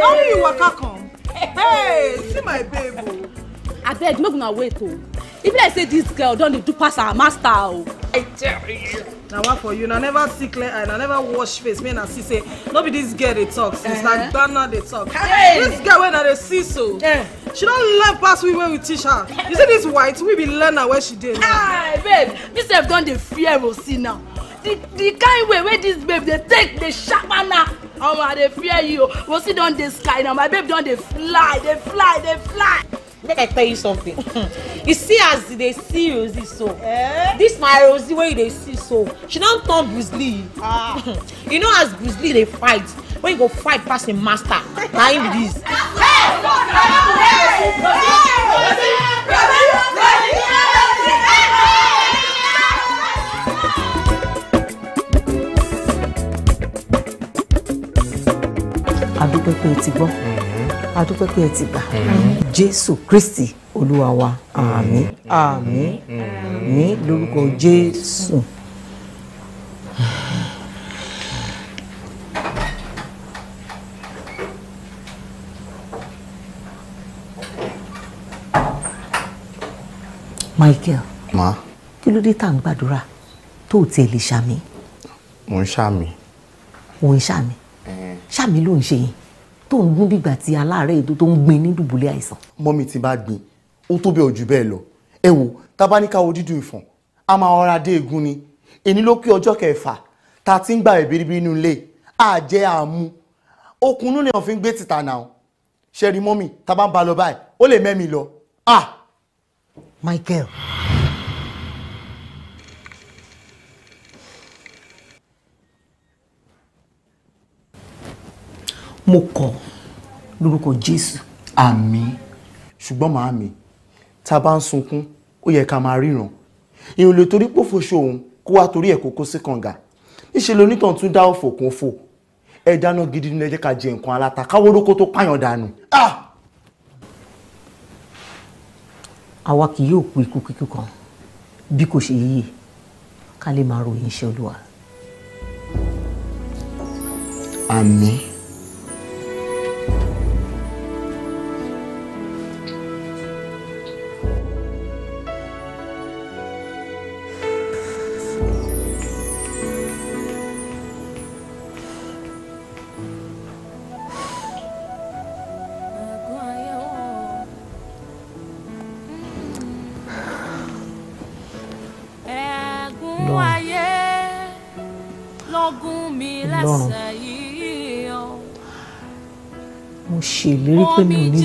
Now you waka come. Hey, see my babe. Oh. Abeg, make una wait oh if like say this girl don dey do pass her master o. i tell you. na one for you na never see clear eye na never wash face make na see say no be this girl dey talk since na uh-huh. ghana dey talk This girl wey na dey see so she don learn pass we wey we teach her you see this white we be learn na where she dey now. ah babe me sef don dey fear rosi now the the kind way wey this babe dey take dey sharpana omo i dey fear you rosi don dey sky now my babe don dey fly dey fly dey fly make i tell you something you see as you dey see rosie so eh? this my rosie wey you dey see so she don turn bruce lee ah. you know as bruce lee dey fight when you go fight pass im master na him be this. a dúpẹ́ pé ẹ ti gbọ́ a dúpẹ́ pé ẹ ti gbà jésù kristi olúwa wa àmín àmín àmín lórúkọ jésù. michael ma kí ló dé tá à ń gbàdúrà tó o tiẹ̀ lè ṣàmì. mo ń ṣàmì. mo ń ṣàmì eh. ṣàmì ló ń ṣe yẹn tó ń gún bìgbà tí aláàárẹ̀ ètò tó ń gbin ní dùbúlẹ̀ àìsàn. mọ́mí ti bá gbin ó tó bẹ́ẹ̀ ojú bẹ́ẹ̀ lọ ẹ wo tabaníkàwọ́ dídùn ìfọ̀n a máa ọ̀rá dé egun ni èní ló pé ọjọ́ kẹfà ta ti ń gbà ẹ̀ bíríbí inú ilé àjẹ́ àmú okùn inú lèèyàn fi ń gbé tìta náà o rí mọ́mí tá a bá ń ba lọ báyìí ó lè mẹ́mi lọ. Ah! Michael. mo kọ̀ lórúkọ Jésù. àmín ṣùgbọ́n màámi tá a bá ń sunkún ó yẹ ká máa ríran ìrìn lè torí pòfo ṣòun kó wá torí ẹ̀ kókó sí kànga níṣẹ́ lonítàn tún dá ọ̀fọ̀ kún fò ẹ dáná gidi ní ẹ jẹ́ ká jẹ nǹkan aláta káwórókó tó pààyàn dànù. Ah! àwa kì yóò kú ikú kíkú kan bí kò ṣe yíyẹ ká lè máa ròyìn iṣẹ́ Olúwa. àmín.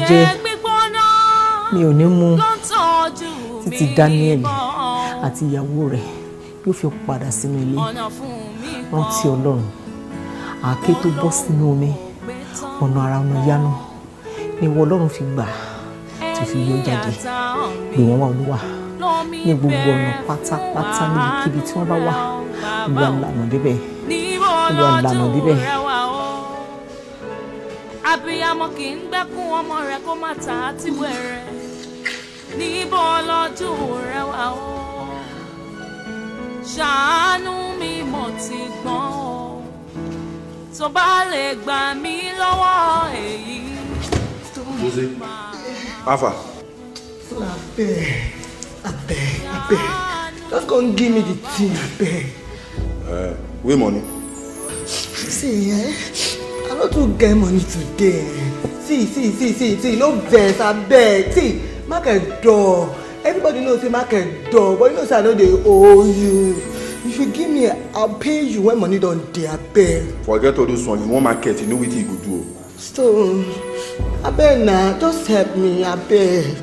jẹ mi ò ní mu títí Daniel àti ìyàwó rẹ̀ yóò fi padà sínú ilé rántí Ọlọ́run àáké tó bọ́ sínú omi ọ̀nà ara ọ̀nà yánu ni ìwọ Ọlọ́run fi gbà tó fi yọ jáde gbé wọn wá Olúwa ní gbogbo ọ̀nà pátápátá níbikíbi tí wọ́n bá wà Olúwa lànà débẹ̀ Olúwa lànà débẹ̀ ọlọ́mọ kì í gbẹ́kún ọmọ rẹ̀ kó má ta á ti wẹ̀rẹ̀ níbo ọlọ́dún rẹ wà ó ṣàánú mi mọ̀ ti gbọ́n ó tó bá lè gbà mí lọ́wọ́ èyí tó ní máa. Afa. Abeg, abeg, abeg. Just go and give me the thing, abeg. Uh, where money? See, eh? I no too get money today. See, see, see, see, see, no vex, beg. See, market door. Everybody knows the market door, but you know say I no dey owe you. If you give me, I'll pay you when money don't disappear. Forget all those ones. you want market, you know what you could do. Stone, beg now. just help me, I beg.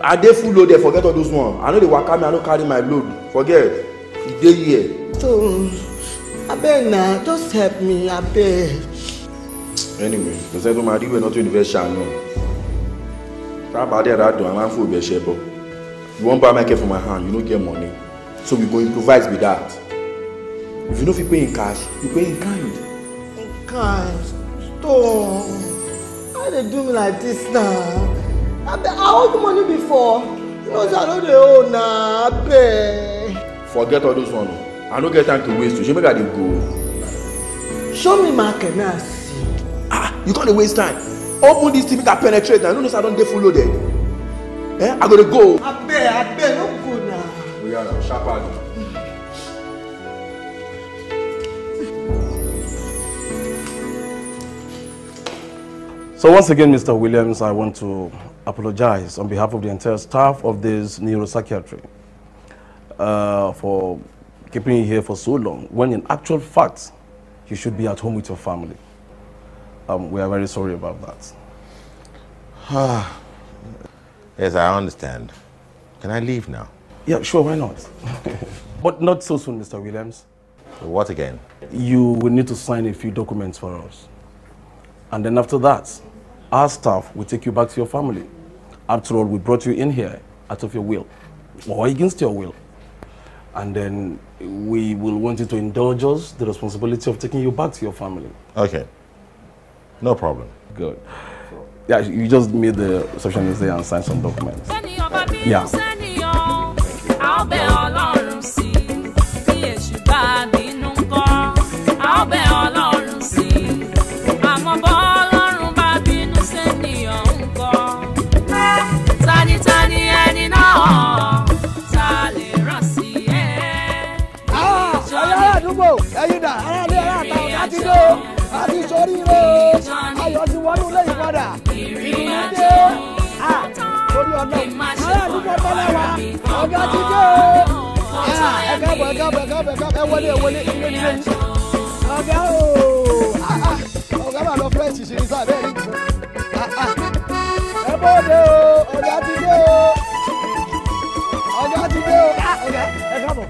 I dey full load there, forget all those ones. I know they work waka me, I no carry my load. Forget. E dey here. Stone, beg now. just help me, I beg anyway kò sẹ́ni tó máa rí ìwé náà tó ní fẹ́ ṣàánú tábà dẹ̀ ra dùn a máa ń fòbẹ̀ ṣẹ bọ you wan buy my market for my hand you no get money so we go improvise with that if you no fit pay in cash you pay in kind. in kind stop! why dey do me like this now? abeg i hold money before you know say i no dey owe na abeg. forget all those ones. Oh. i no get time to waste o oh. shey make i dey go. show me my kenas. You can't waste time. Open this TV that penetrate now. You I don't get full loaded. Eh? I gotta go. I beg, I beg, do go now. Rihanna, sharp So once again, Mr. Williams, I want to apologize on behalf of the entire staff of this neuropsychiatry uh, for keeping you here for so long, when in actual fact, you should be at home with your family um, we are very sorry about that. yes, I understand. Can I leave now? Yeah, sure, why not? but not so soon, Mr. Williams. What again? You will need to sign a few documents for us. And then after that, our staff will take you back to your family. After all, we brought you in here out of your will, or against your will. And then we will want you to indulge us the responsibility of taking you back to your family. Okay. No problem. Good. Yeah, you just made the receptionist there and sign some documents. Yeah. ọlọ́run ará àdúgbò bọ́lá wa ọjọ́ ti dé o ẹ káàbọ̀ ẹ káàbọ̀ ẹ káàbọ̀ ẹ káàbọ̀ ẹ wọlé ẹ wọlé ilé ilé yìí ọ̀gá o ọ̀gá máa lọ fẹ́ẹ̀sì ṣe ní sáà bẹ́ẹ̀ ni ẹ bóde o ọ̀gá ti dé o ọ̀gá ti dé o ọ̀gá ẹ káàbọ̀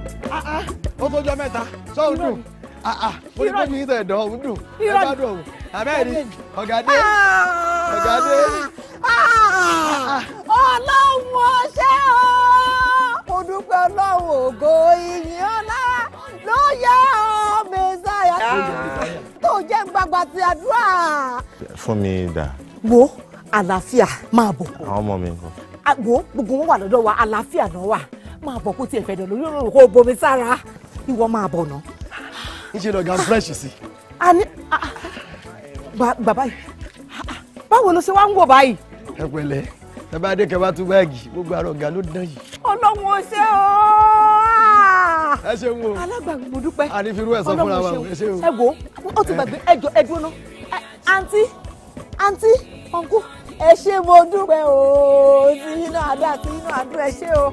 ó tó jọ mẹ́ta sọ́ọ̀dù ó ní kó mi ìtẹ̀ dán ó dùn ẹ bá dùn òun abẹ́rẹ́ ọ̀gádé ọ̀gádé. ọlọ́run ọṣẹ́ o mo dúpẹ́ ọlọ́run ògo ìyìn ọlá ló yẹ ọ mẹ́sàáyà tó jẹ́ gbàgbà ti àdúrà. fún mi dà. wo àlàáfíà máa bọ̀. àwọn ọmọ mi kọ. wo gbogbo wọn wà lọ́dọ̀ wa àlàáfíà náà wà máa bọ̀ kó tiẹ̀ fẹ́ dọ̀ lórí òrùn kó bomi sára ìwọ máa bọ̀ náà. ń ṣe lọ́gàn fresh sí. a ní bàbá yìí báwo ló ṣe wá ń wò báyìí. ẹ pẹ̀lẹ́ ẹ bá dé kẹ bá tún báàgì gbogbo àrò ọgá ló dán yìí. ọlọ́run ó ṣe o. ẹ ṣe ń wo alágbàgbé mo dúpẹ́. a ní fi irú ẹ̀ sọ fúnra wa ẹ ṣe o. ẹ wo ó ti gbàgbé ẹ jọ ẹ dúró náà àǹtí àǹtí ọ̀nkú ẹ ṣe mo dúpẹ́ o sí inú àdá sí inú àdúrà ẹ ṣe o.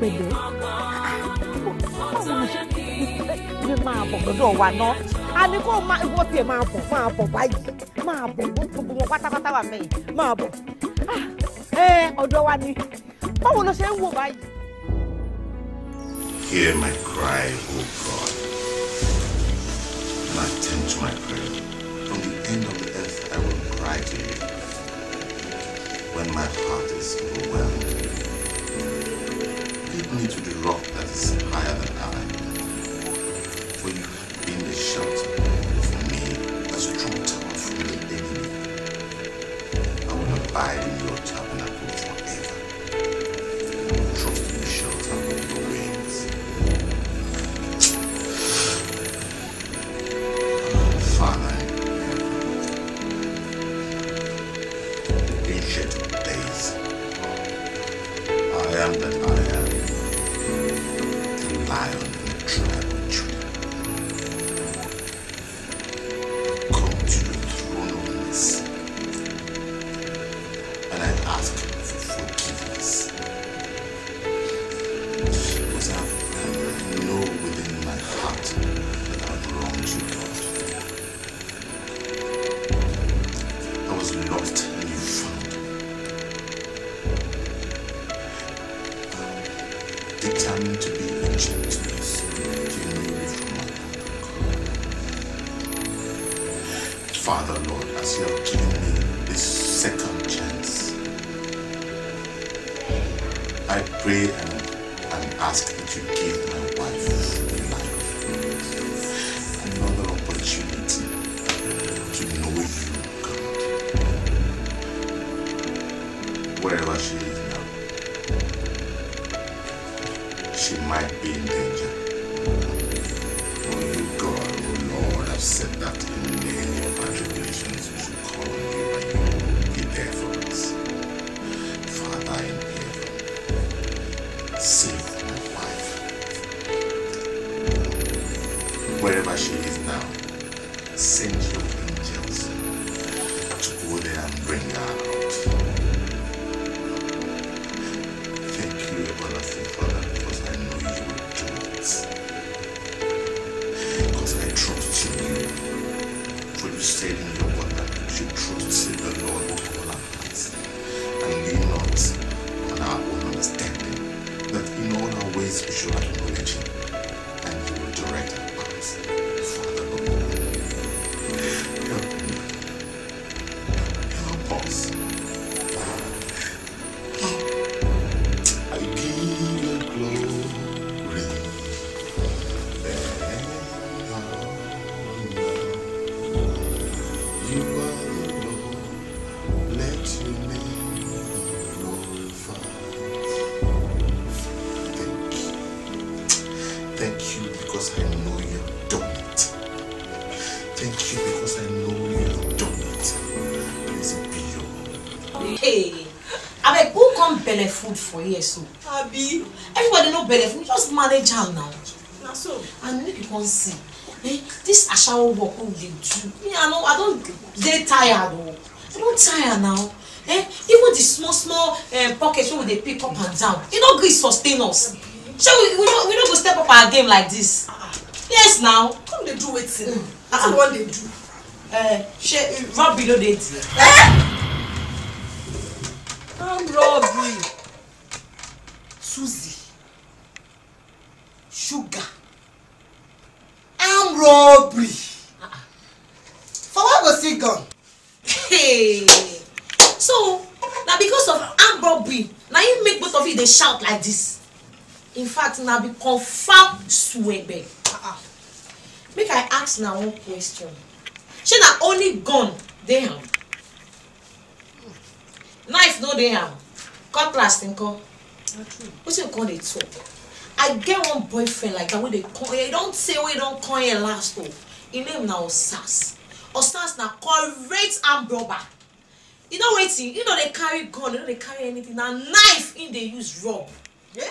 pẹ̀lẹ́. bọ̀ wa kó ìwọ bọ̀ bọ̀ bọ̀ wà bọ̀ ah, ọ̀dọ̀ wa ni ló ṣe wò Hear my cry, O oh God, my tent to my prayer. From the end of the earth I will cry to you when my heart is overwhelmed. Lead me to the rock that is higher than I me, a I will abide in your tower. for here so abi everybody know belle for me just manage am now na so and make you come see eh this ashawo work wey we dey do me i no i don dey tired oo i don tire now eh even the small small um, eh, pocket wey we dey pick up and down e no gree sustain us so we we no we no go step up our game like this yes now come dey do wetin mm. wetin you wan dey do. Uh, she, rub below the sugar armed robbery ah. for where go see gun. Hey. so na because of armed robbery na im make both of you dey shout like this in fact na be confam suebe ah, ah. make i ask na one question shey na only gun dey am knife no dey am cutlass nko wetin you come dey talk i get one boyfriend like that eh, wey they come here e don tey wey e don come here last o his name na osas osas now correct and robber you know wetin you know? They carry gun you know they carry anything Now knife im they use rob. yeah?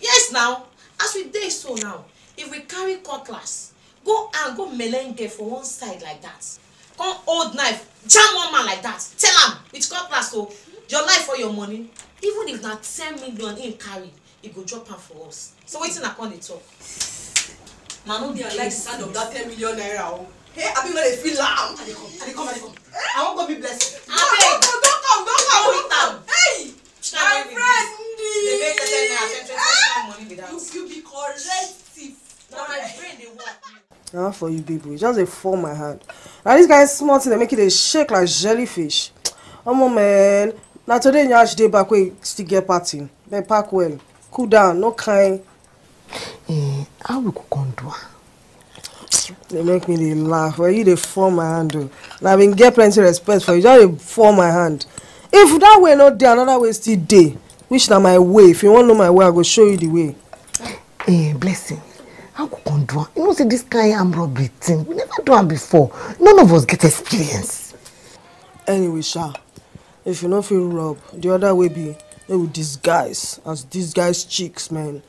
yes now as we dey so now if we carry cutlass go and go melenge for one side like that come old knife jam one man like that tell him it's cutlass So your life or your money even if na ten million im carry e go drop am for us so wetin i come dey talk. na no be i like the sound of that ten million naira o hey eh, abi no dey feel am. i dey come i dey come i dey come eh? i wan go be blessed. abeg don come don come don come. hey my friend ndi. Eh? you be correct thief na my brain dey work. na for you babe just a fall my hand Now this kind small thing They make it a shake like jellyfish omo man now today nyash dey back wey still get party They pack well cool down no kind Eh, how we go come do am. make me dey laugh but you dey form my hand o oh. I've been bin get plenty respect for you just dey form my hand if that way not there, another way still dey which na my way if you wan know my way i go show you the way. Eh, blessing how go come do you know see this kind of robbery thing we never do am before none of us get experience. anyway sha if you don't feel rob the other way be they will disguise as disguise chicks man.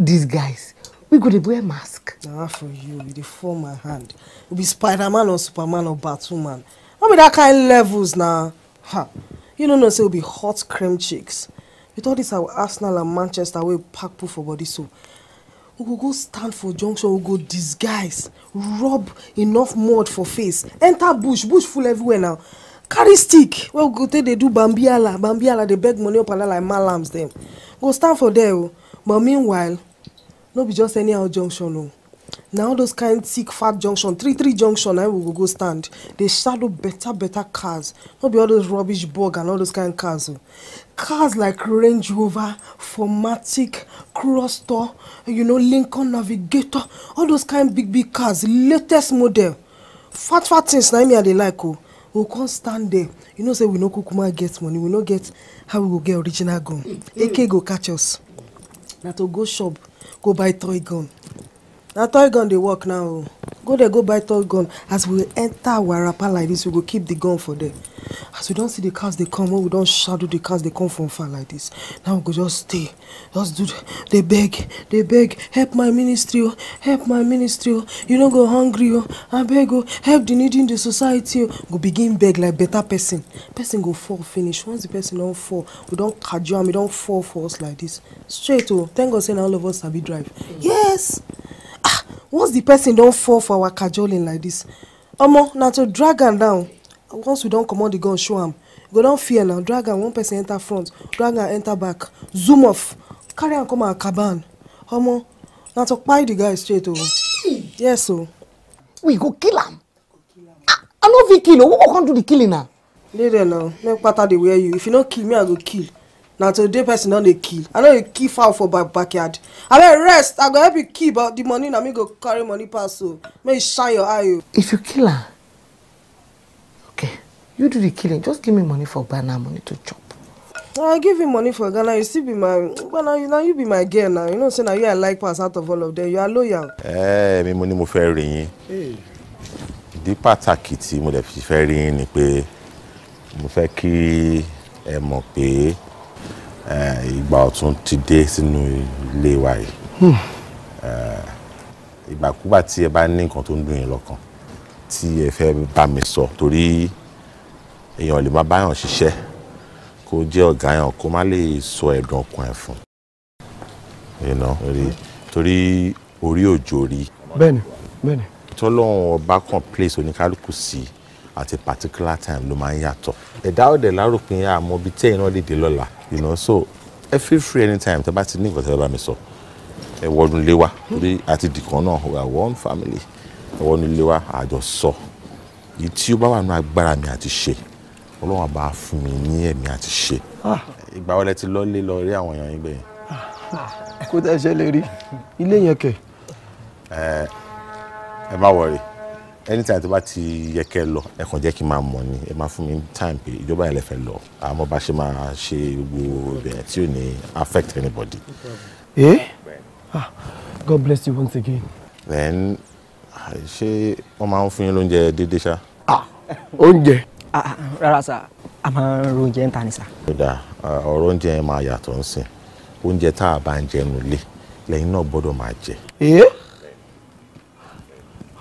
These guys we go dey wear mask na for you you dey fall my hand you be spiderman or superman or batwoman no be that kind levels na ha you no know say we be hot cream chicks with all this, our arsenal and manchester wey pack put for body so we go go stand for junction we go disguise rub enough mud for face enter bush bush full everywhere now carry stick wey we go take dey do bambiala bambiala dey beg money up and down like malams dem go stand for there o but meanwhile no be just anyhow junction o oh. na all those kind thick fat junction three three junction na we go go stand dey shadow better better cars no be all those rubbish bug and all those kind cars o oh. cars like range rover formatic crostor you know lincoln navigator all those kind big big cars latest model fat fat things na me i dey like o oh. we go come stand there you know say we no kukuma get money we no get how we go get original gun mm. AK go catch us na to go shop Kubai troigão. na toy gun dey work now go there go buy toy gun as we enter warapa like this we go keep the gun for there as we don't see the cars they come when we don't shadow the cars they come from far like this now we go just stay just do They beg they beg help my ministry oh! help my ministry oh! you don't go hungry oh! I beg, oh! help the needy in the society oh! go begin beg like better person person go fall finish once the person don't fall we don't cajole am e don fall for us like this straight oh! thank god saying all of us have be drive yes once the person don fall for our cajoling like this omo na to drag am down once we don comot the gun show am go don fear now drag am one person enter front drag am enter back zoom off carry am come our caban omo na to kpai the guy straight o oh. yes o. Oh. we go kill am ah, i, no fit kill o oh. who go come do the killing na. later now make pata dey wear you if you no kill me i go kill na today person don dey kill i no dey kill fowl for my backyard abeg rest i go help you kill but the money na me go carry money pass o make you shine your eye o. Oh. if you kill am okay you do the killing just give me money for ghana money to chop. i give you money for ghana you still be my well Now you na you be my girl now you know say na you i like pass out of all of them you are loyal. ẹ eh, ẹ mi mo ní mo fẹ́ rí yín ìdí pàtàkì tí mo lè fi fẹ́ rí yín ni pé mo fẹ́ kí ẹ mọ̀ pé. Eh, ìgbà ọ̀tún ti dé sínú ilé wa yìí hmm. eh, ìgbàkúgbà tí ẹ bá ní nǹkan tó ń dùn yín lọ́kàn tí ẹ fẹ́ bá mi sọ torí èèyàn lè má báyàn ṣiṣẹ́ kó jẹ́ ọ̀gá yàn kó má lè sọ ẹ̀dùn ọkàn ẹ̀ fún torí orí òjò rí. bẹ́ẹ̀ni bẹ́ẹ̀ni. tọ́lọ́run ọba kan place oníkálukú sí àti particular time ló máa ń yàtọ̀ ẹ̀dá ọ̀dẹ̀ láròpin àmọ́ bíi tẹ́yìn náà lè dé lọ́la you know so ẹ feel free anytime tẹ bá ti ní nǹkan tẹ bá mi sọ ẹ wọnú ilé wa torí àti dìkan náà we are one family ẹ wọnú ilé wa àjọ sọ èyí tí ó bá wà nínú agbára mi àti ṣe ọlọ́run àbá fún mi ní ẹ̀mí àti ṣe ah. ìgbà wọlé ti lọ lé lọ rí àwọn èèyàn yín gbẹ̀yìn. kó tẹ́ ṣe lè rí ilé yẹn kẹ̀. ẹ má wọrí anytime tó bá ti yẹ kẹ́ lọ ẹ kàn jẹ́ kí n máa mọ̀ ni ẹ máa fún mi time pé ìjọba yẹn lè fẹ́ lọ àmọ́ bá ṣe máa ṣe gbogbo ibẹ̀yẹn tí ò ní affect anybody. ẹ eh? ah God bless you once again. then ṣé wọ́n máa ń fún yín lóúnjẹ déédéé ṣá. ah oúnjẹ. Ah, ah, rárá sá a máa ń ro oúnjẹ ń ta ni sá. kódà ọ̀rọ̀ oúnjẹ yẹn máa yàtọ̀ ń sìn oúnjẹ tá a bá ń jẹ nulẹ̀ lẹ́yìn náà gbọ́dọ̀ máa jẹ. ẹ eh?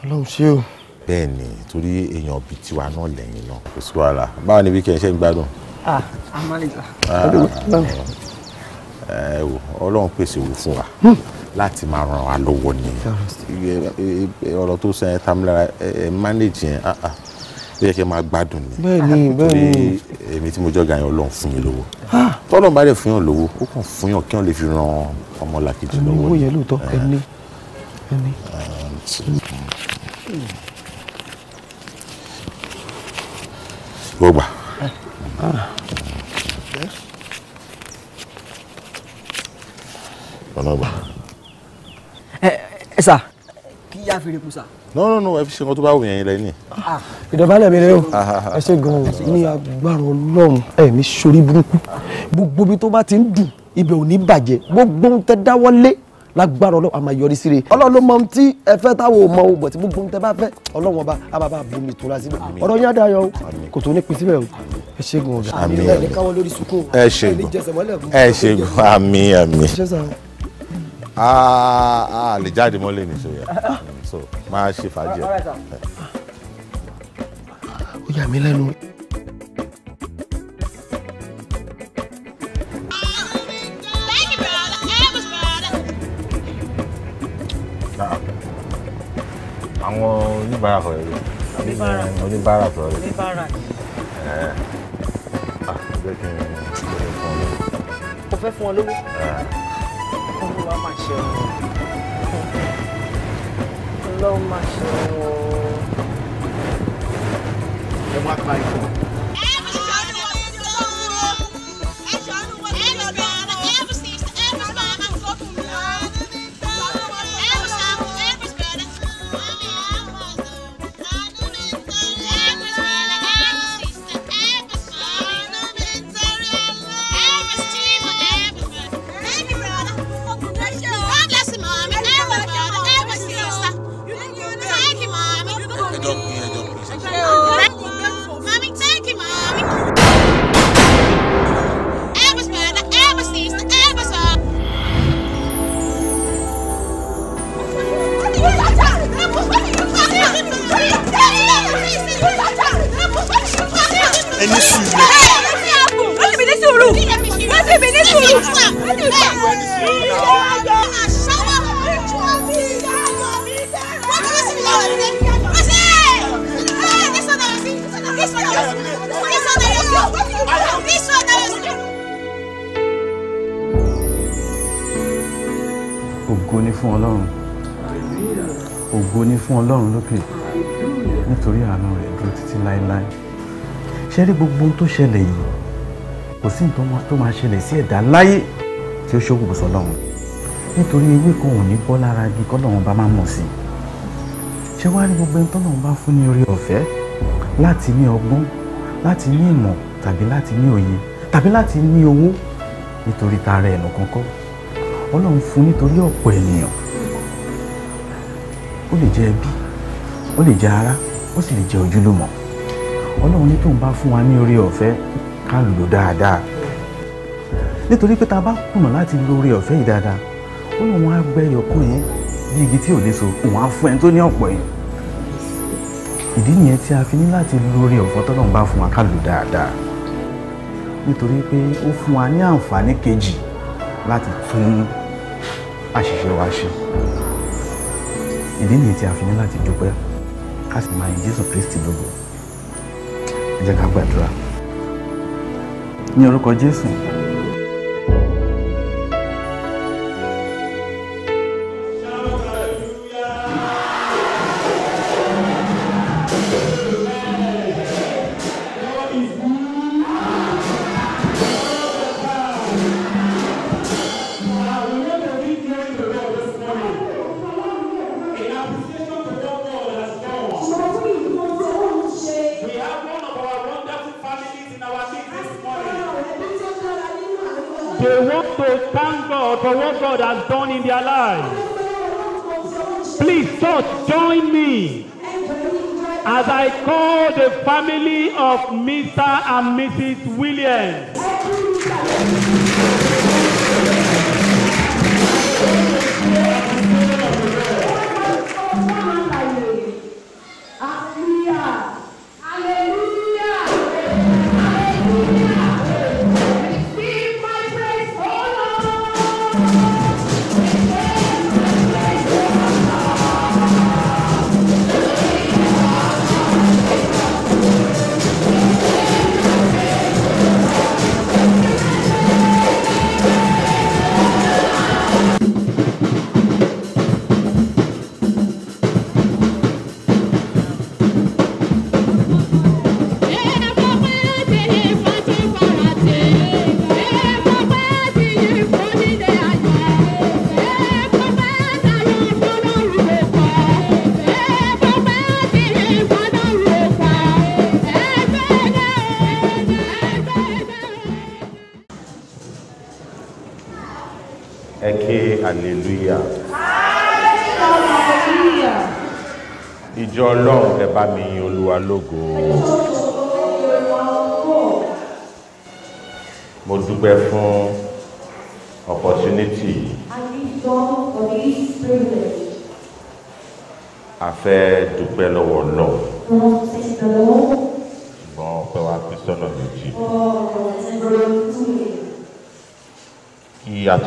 ọlọ́run ṣé o bẹ́ẹ̀ ni torí èèyàn bíi tiwa náà lẹ́yìn náà kò sí wàhálà báwo ni wíkẹ́ ṣe ń gbádùn. ah amálégbà. ẹ wò ọlọ́run pèsè owó fún wa hmm. láti máa ràn wá lọ́wọ́ ni ọ̀rọ̀ tó sẹ́yìn tamilára ẹ manage yẹn ah, ah, ó yẹ kí ẹ máa gbádùn ni bẹ́ẹ̀ni bẹ́ẹ̀ni torí èmi tí mo jọ gàyàn Ọlọ́run fún mi lówó tọlọ́run bá dẹ fún yàn lówó ó kàn fún yàn kí yàn lè fi ran ọmọ làkejì lọ́wọ́ ni ẹni owó yẹn lóòótọ́ eh. ẹni ẹni. Eh, ó gbà. ọ̀nà gbà. ẹ ẹ sà kí yá fèrè kù sà. no no no ẹ fi ṣe nǹkan tó bá wù yẹn lẹ́yìn. Ah. ìdọ̀bálẹ̀ mi rẹ o ah, ah, ẹ ṣe gan-an ní agbára ọlọ́run ẹ̀mí sórí burúkú gbogbo ibi tó bá ti ń dùn ibẹ̀ ò ní bàjẹ́ gbogbo ohun tẹ dáwọ́lé lágbára ọlọ́run a máa yọrí sí rẹ̀ ọlọ́run ló mọ ohun tí ẹ fẹ́ táwọn ò mọ o bọ̀tí gbogbo ohun tẹ bá fẹ́ ọlọ́run ọba a máa bá bomi ìtura síbẹ̀ ọ̀rọ̀ yín adayọ o kò tó ní pin síbẹ̀ o ẹ ṣègùn ọ̀gá. àmín ẹ ṣègùn ẹ ṣègùn àmín àmín. a lè jáde mọ́lẹ̀ ní sọ́yà so máa ṣe fàájì ẹ̀. ó yà mí lẹ́nu. àwọn oníbàárà kọ̀ rẹ̀ oníbàárà oníbàárà kọ̀ rẹ̀ oníbàárà ẹ̀ ah jẹ́ kí n fún ọ lówó. o fẹ́ fún ọ lówó. Ah. olúwa máa ṣe ọ̀rọ̀ olúwa máa ṣe ọ̀rọ̀. ẹ wá pa ìfọ̀. gbogbo ohun tó ṣẹlẹ̀ yìí kò sí nǹkan tó máa ṣẹlẹ̀ sí ẹ̀dá láyé tí ó ṣókùnkùn sọ́lọ́run nítorí ewé kan ò ní bọ́ lára igi kọ́lọ́run bá máa mọ̀ sí i ṣé wàá rí gbogbo ẹni tọ́lọ́run bá fún ní orí ọ̀fẹ́ láti ní ọgbọ́n láti ní ìmọ̀ tàbí láti ní òye tàbí láti ní owó nítorí tara ẹ̀nù kankan ọlọ́run fún nítorí ọ̀pọ̀ ènìyàn ó lè jẹ́ ẹbí ó lè jẹ́ ará ó sì lè jẹ́ ojúlùmọ̀ ọlọ́run ní tóun bá fún wa ní orí ọ̀fẹ́ ká lò lò dáadáa nítorí pé tá a bá kùnà láti lo orí ọ̀fẹ́ yìí dáadáa ó ní wọn á gbẹ ẹyọkún yẹn bí igi tí ò léso òun á fún ẹni tó ní ọ̀pọ̀ yẹn ìdí nìyẹn tí a fi ní láti lo orí ọ̀fẹ́ tọ́lọ́run bá fún wa ká lò dáadáa nítorí pé ó fún wa ní àǹfààní kejì láti tún àṣìṣe wa ṣe ìdí nìyí tí a fi ní láti dúpẹ́ ká sì máa yin Jésù Kristi lógo ẹ jẹ́ ká gbàdúrà ní orúkọ Jésù. for what God has done in their lives. Please, church, join me as I call the family of Mr. and Mrs. Williams.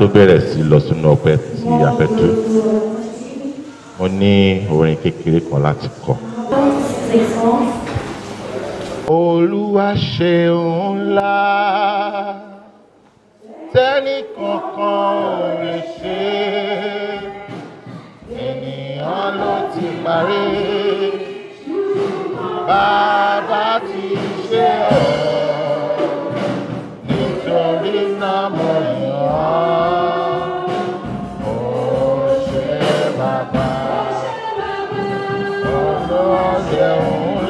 tó bẹ̀rẹ̀ sí lọ sínú ọpẹ́ tí a fẹ́ tú mo ní orin kékeré kan láti kọ. olúwa ṣeun ńlá tẹ́nì kankan ò lè ṣe ènìyàn ló ti parí bàbá ti ṣe ọ́.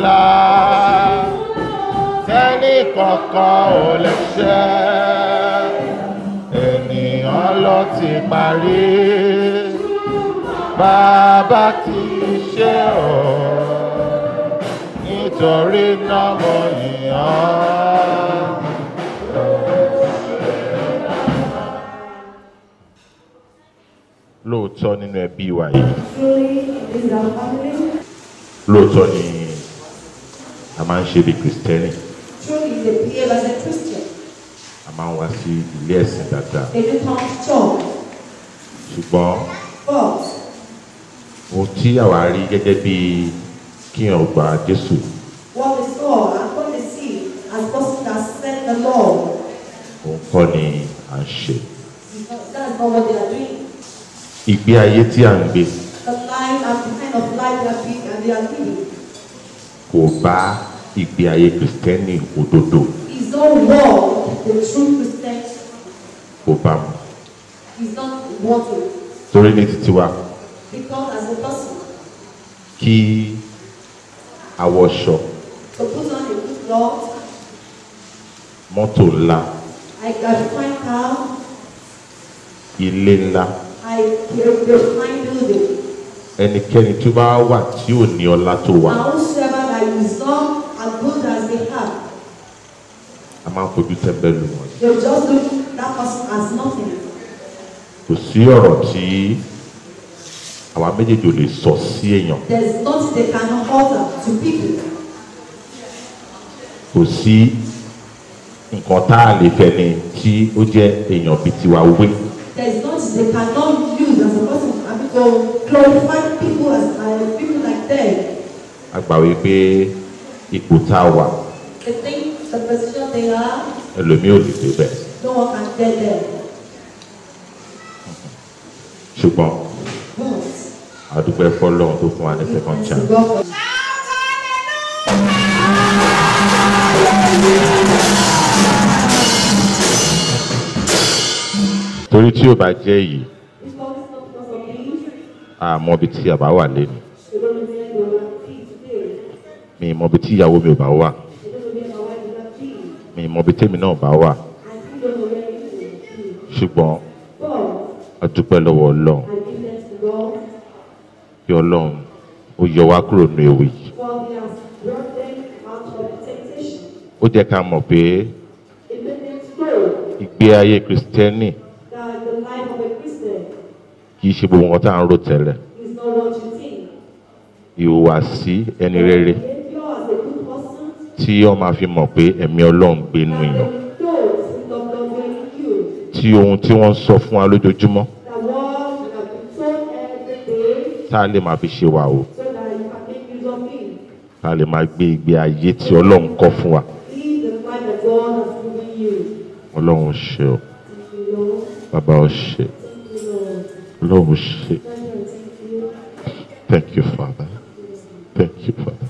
ńlá sẹ́ni kankan ò lè ṣe ènìyàn ló ti parí bàbá ti ṣe o nítorí náà mo yàn. lóòótọ́ nínú ẹbí wa yìí lóòótọ́ ni a máa ń ṣe bí kristẹni. truly they behave as a christian. a máa ń wá sí ilé ẹ̀sìn dáadáa. they do come to church. ṣùgbọ́n. but. ohun tí àwa rí gẹ́gẹ́ bí kíyàn gba Jésù. what we saw and what we see as gospel that sent the law. òun kọ́ ni à ń ṣe. because that's not what they are doing. ìgbé ayé tí à ń gbé. kò bá ìgbé ayé kristẹni òdodo. his own world the true christian. kò bá mu. he is not working. torí ní títí wa. because as a person. kí awọ ṣọ. to put on a good cloth. mọ́tò ńlá. I got a fine car. ilé ńlá. I get a fine building. ẹnikẹ́ni tó bá wà tí ò ní ọlá tó wà. àwọn ṣe. Are Islam as good as they have. A máa ń fojú tẹ́ńbẹ́lú wọn. They will just look that person as nothing. Kò sí ọ̀rọ̀ tí àwa méjèèjì ò lè sọ sí èèyàn. There is nothing they cannot utter to people. Kò sí nǹkan tá a lè fẹ́ ni tí ó jẹ́ èèyàn bíi tiwa wé. There is nothing they cannot use as a person to glorify people as uh, people like them a gbà wípé ipò tá a wà the thing, the position they are. ẹlòmíì ò lè débẹ̀. no one can get there. ṣùgbọ́n a dúpẹ́ fọ́lọ́run tó fún wa ní second chance. torí tí ò bá jẹ́ yìí àmọ́ bíi tí a bá wà lẹ́nu mi mọ ibi tí ìyàwó mi ò bá wà mi mọ ibi tèmi náà bá wà ṣùgbọ́n a dúpẹ́ lọ́wọ́ ọlọ́run kí ọlọ́run ó yọ wá kúrò nínú ewu yìí ó jẹ́ ká mọ̀ pé ìgbé ayé kristẹni kì í ṣe gbogbo nǹkan tá à ń rò tẹ́lẹ̀ ìhùwàsí ẹni rere tí ó máa fi mọ̀ pé ẹ̀mí ọlọ́run gbé nù yàn tí ohun tí wọ́n ń sọ fún wa lójoojúmọ́ tá a lè máa fi ṣe wà o tá a lè máa gbé ìgbé ayé tí ọlọ́run kọ́ fún wa ọlọ́run ṣe o bàbá o ṣe ọlọ́run ṣe thank you father thank you father.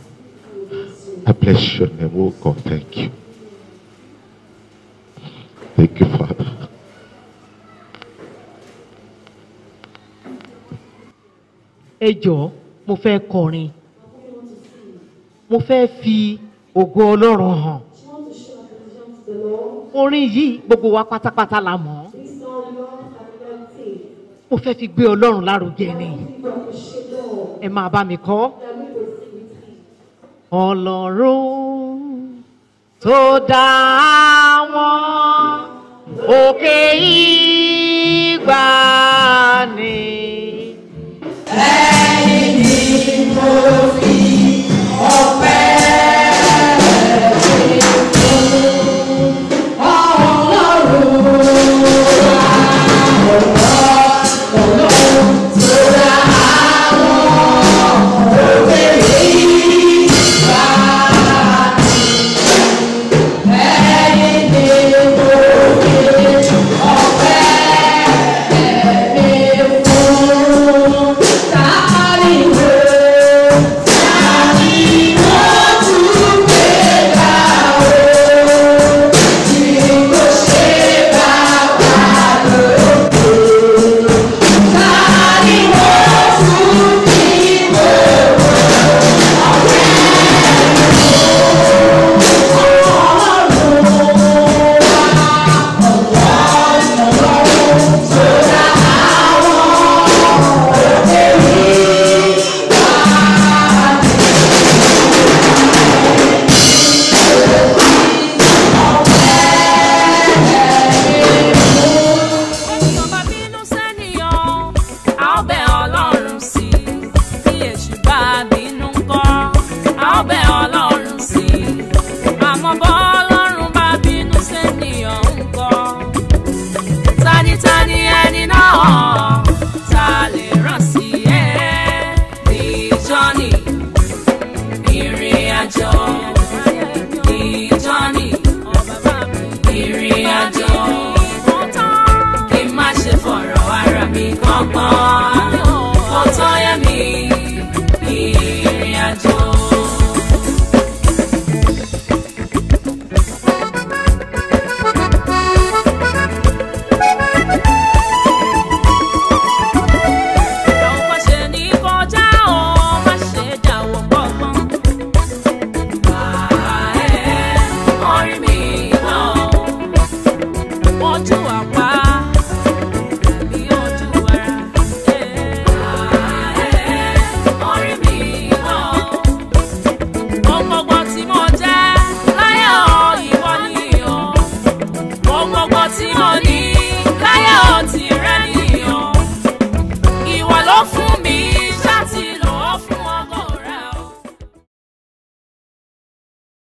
I bless your name, oh God. Thank you. Thank you, Father. Ẹ jọ̀ọ́, mo fẹ́ kọrin. Mo fẹ́ fi ògo Ọlọ́run hàn. Orin yìí gbogbo wa pátápátá la mọ̀. Mo fẹ́ fi gbé Ọlọ́run lárugẹ ni. Ẹ máa bá mi kọ ọlọ́run tó dá wọn òkè ìgbà ni. ẹni ni mo fi ọpẹ́.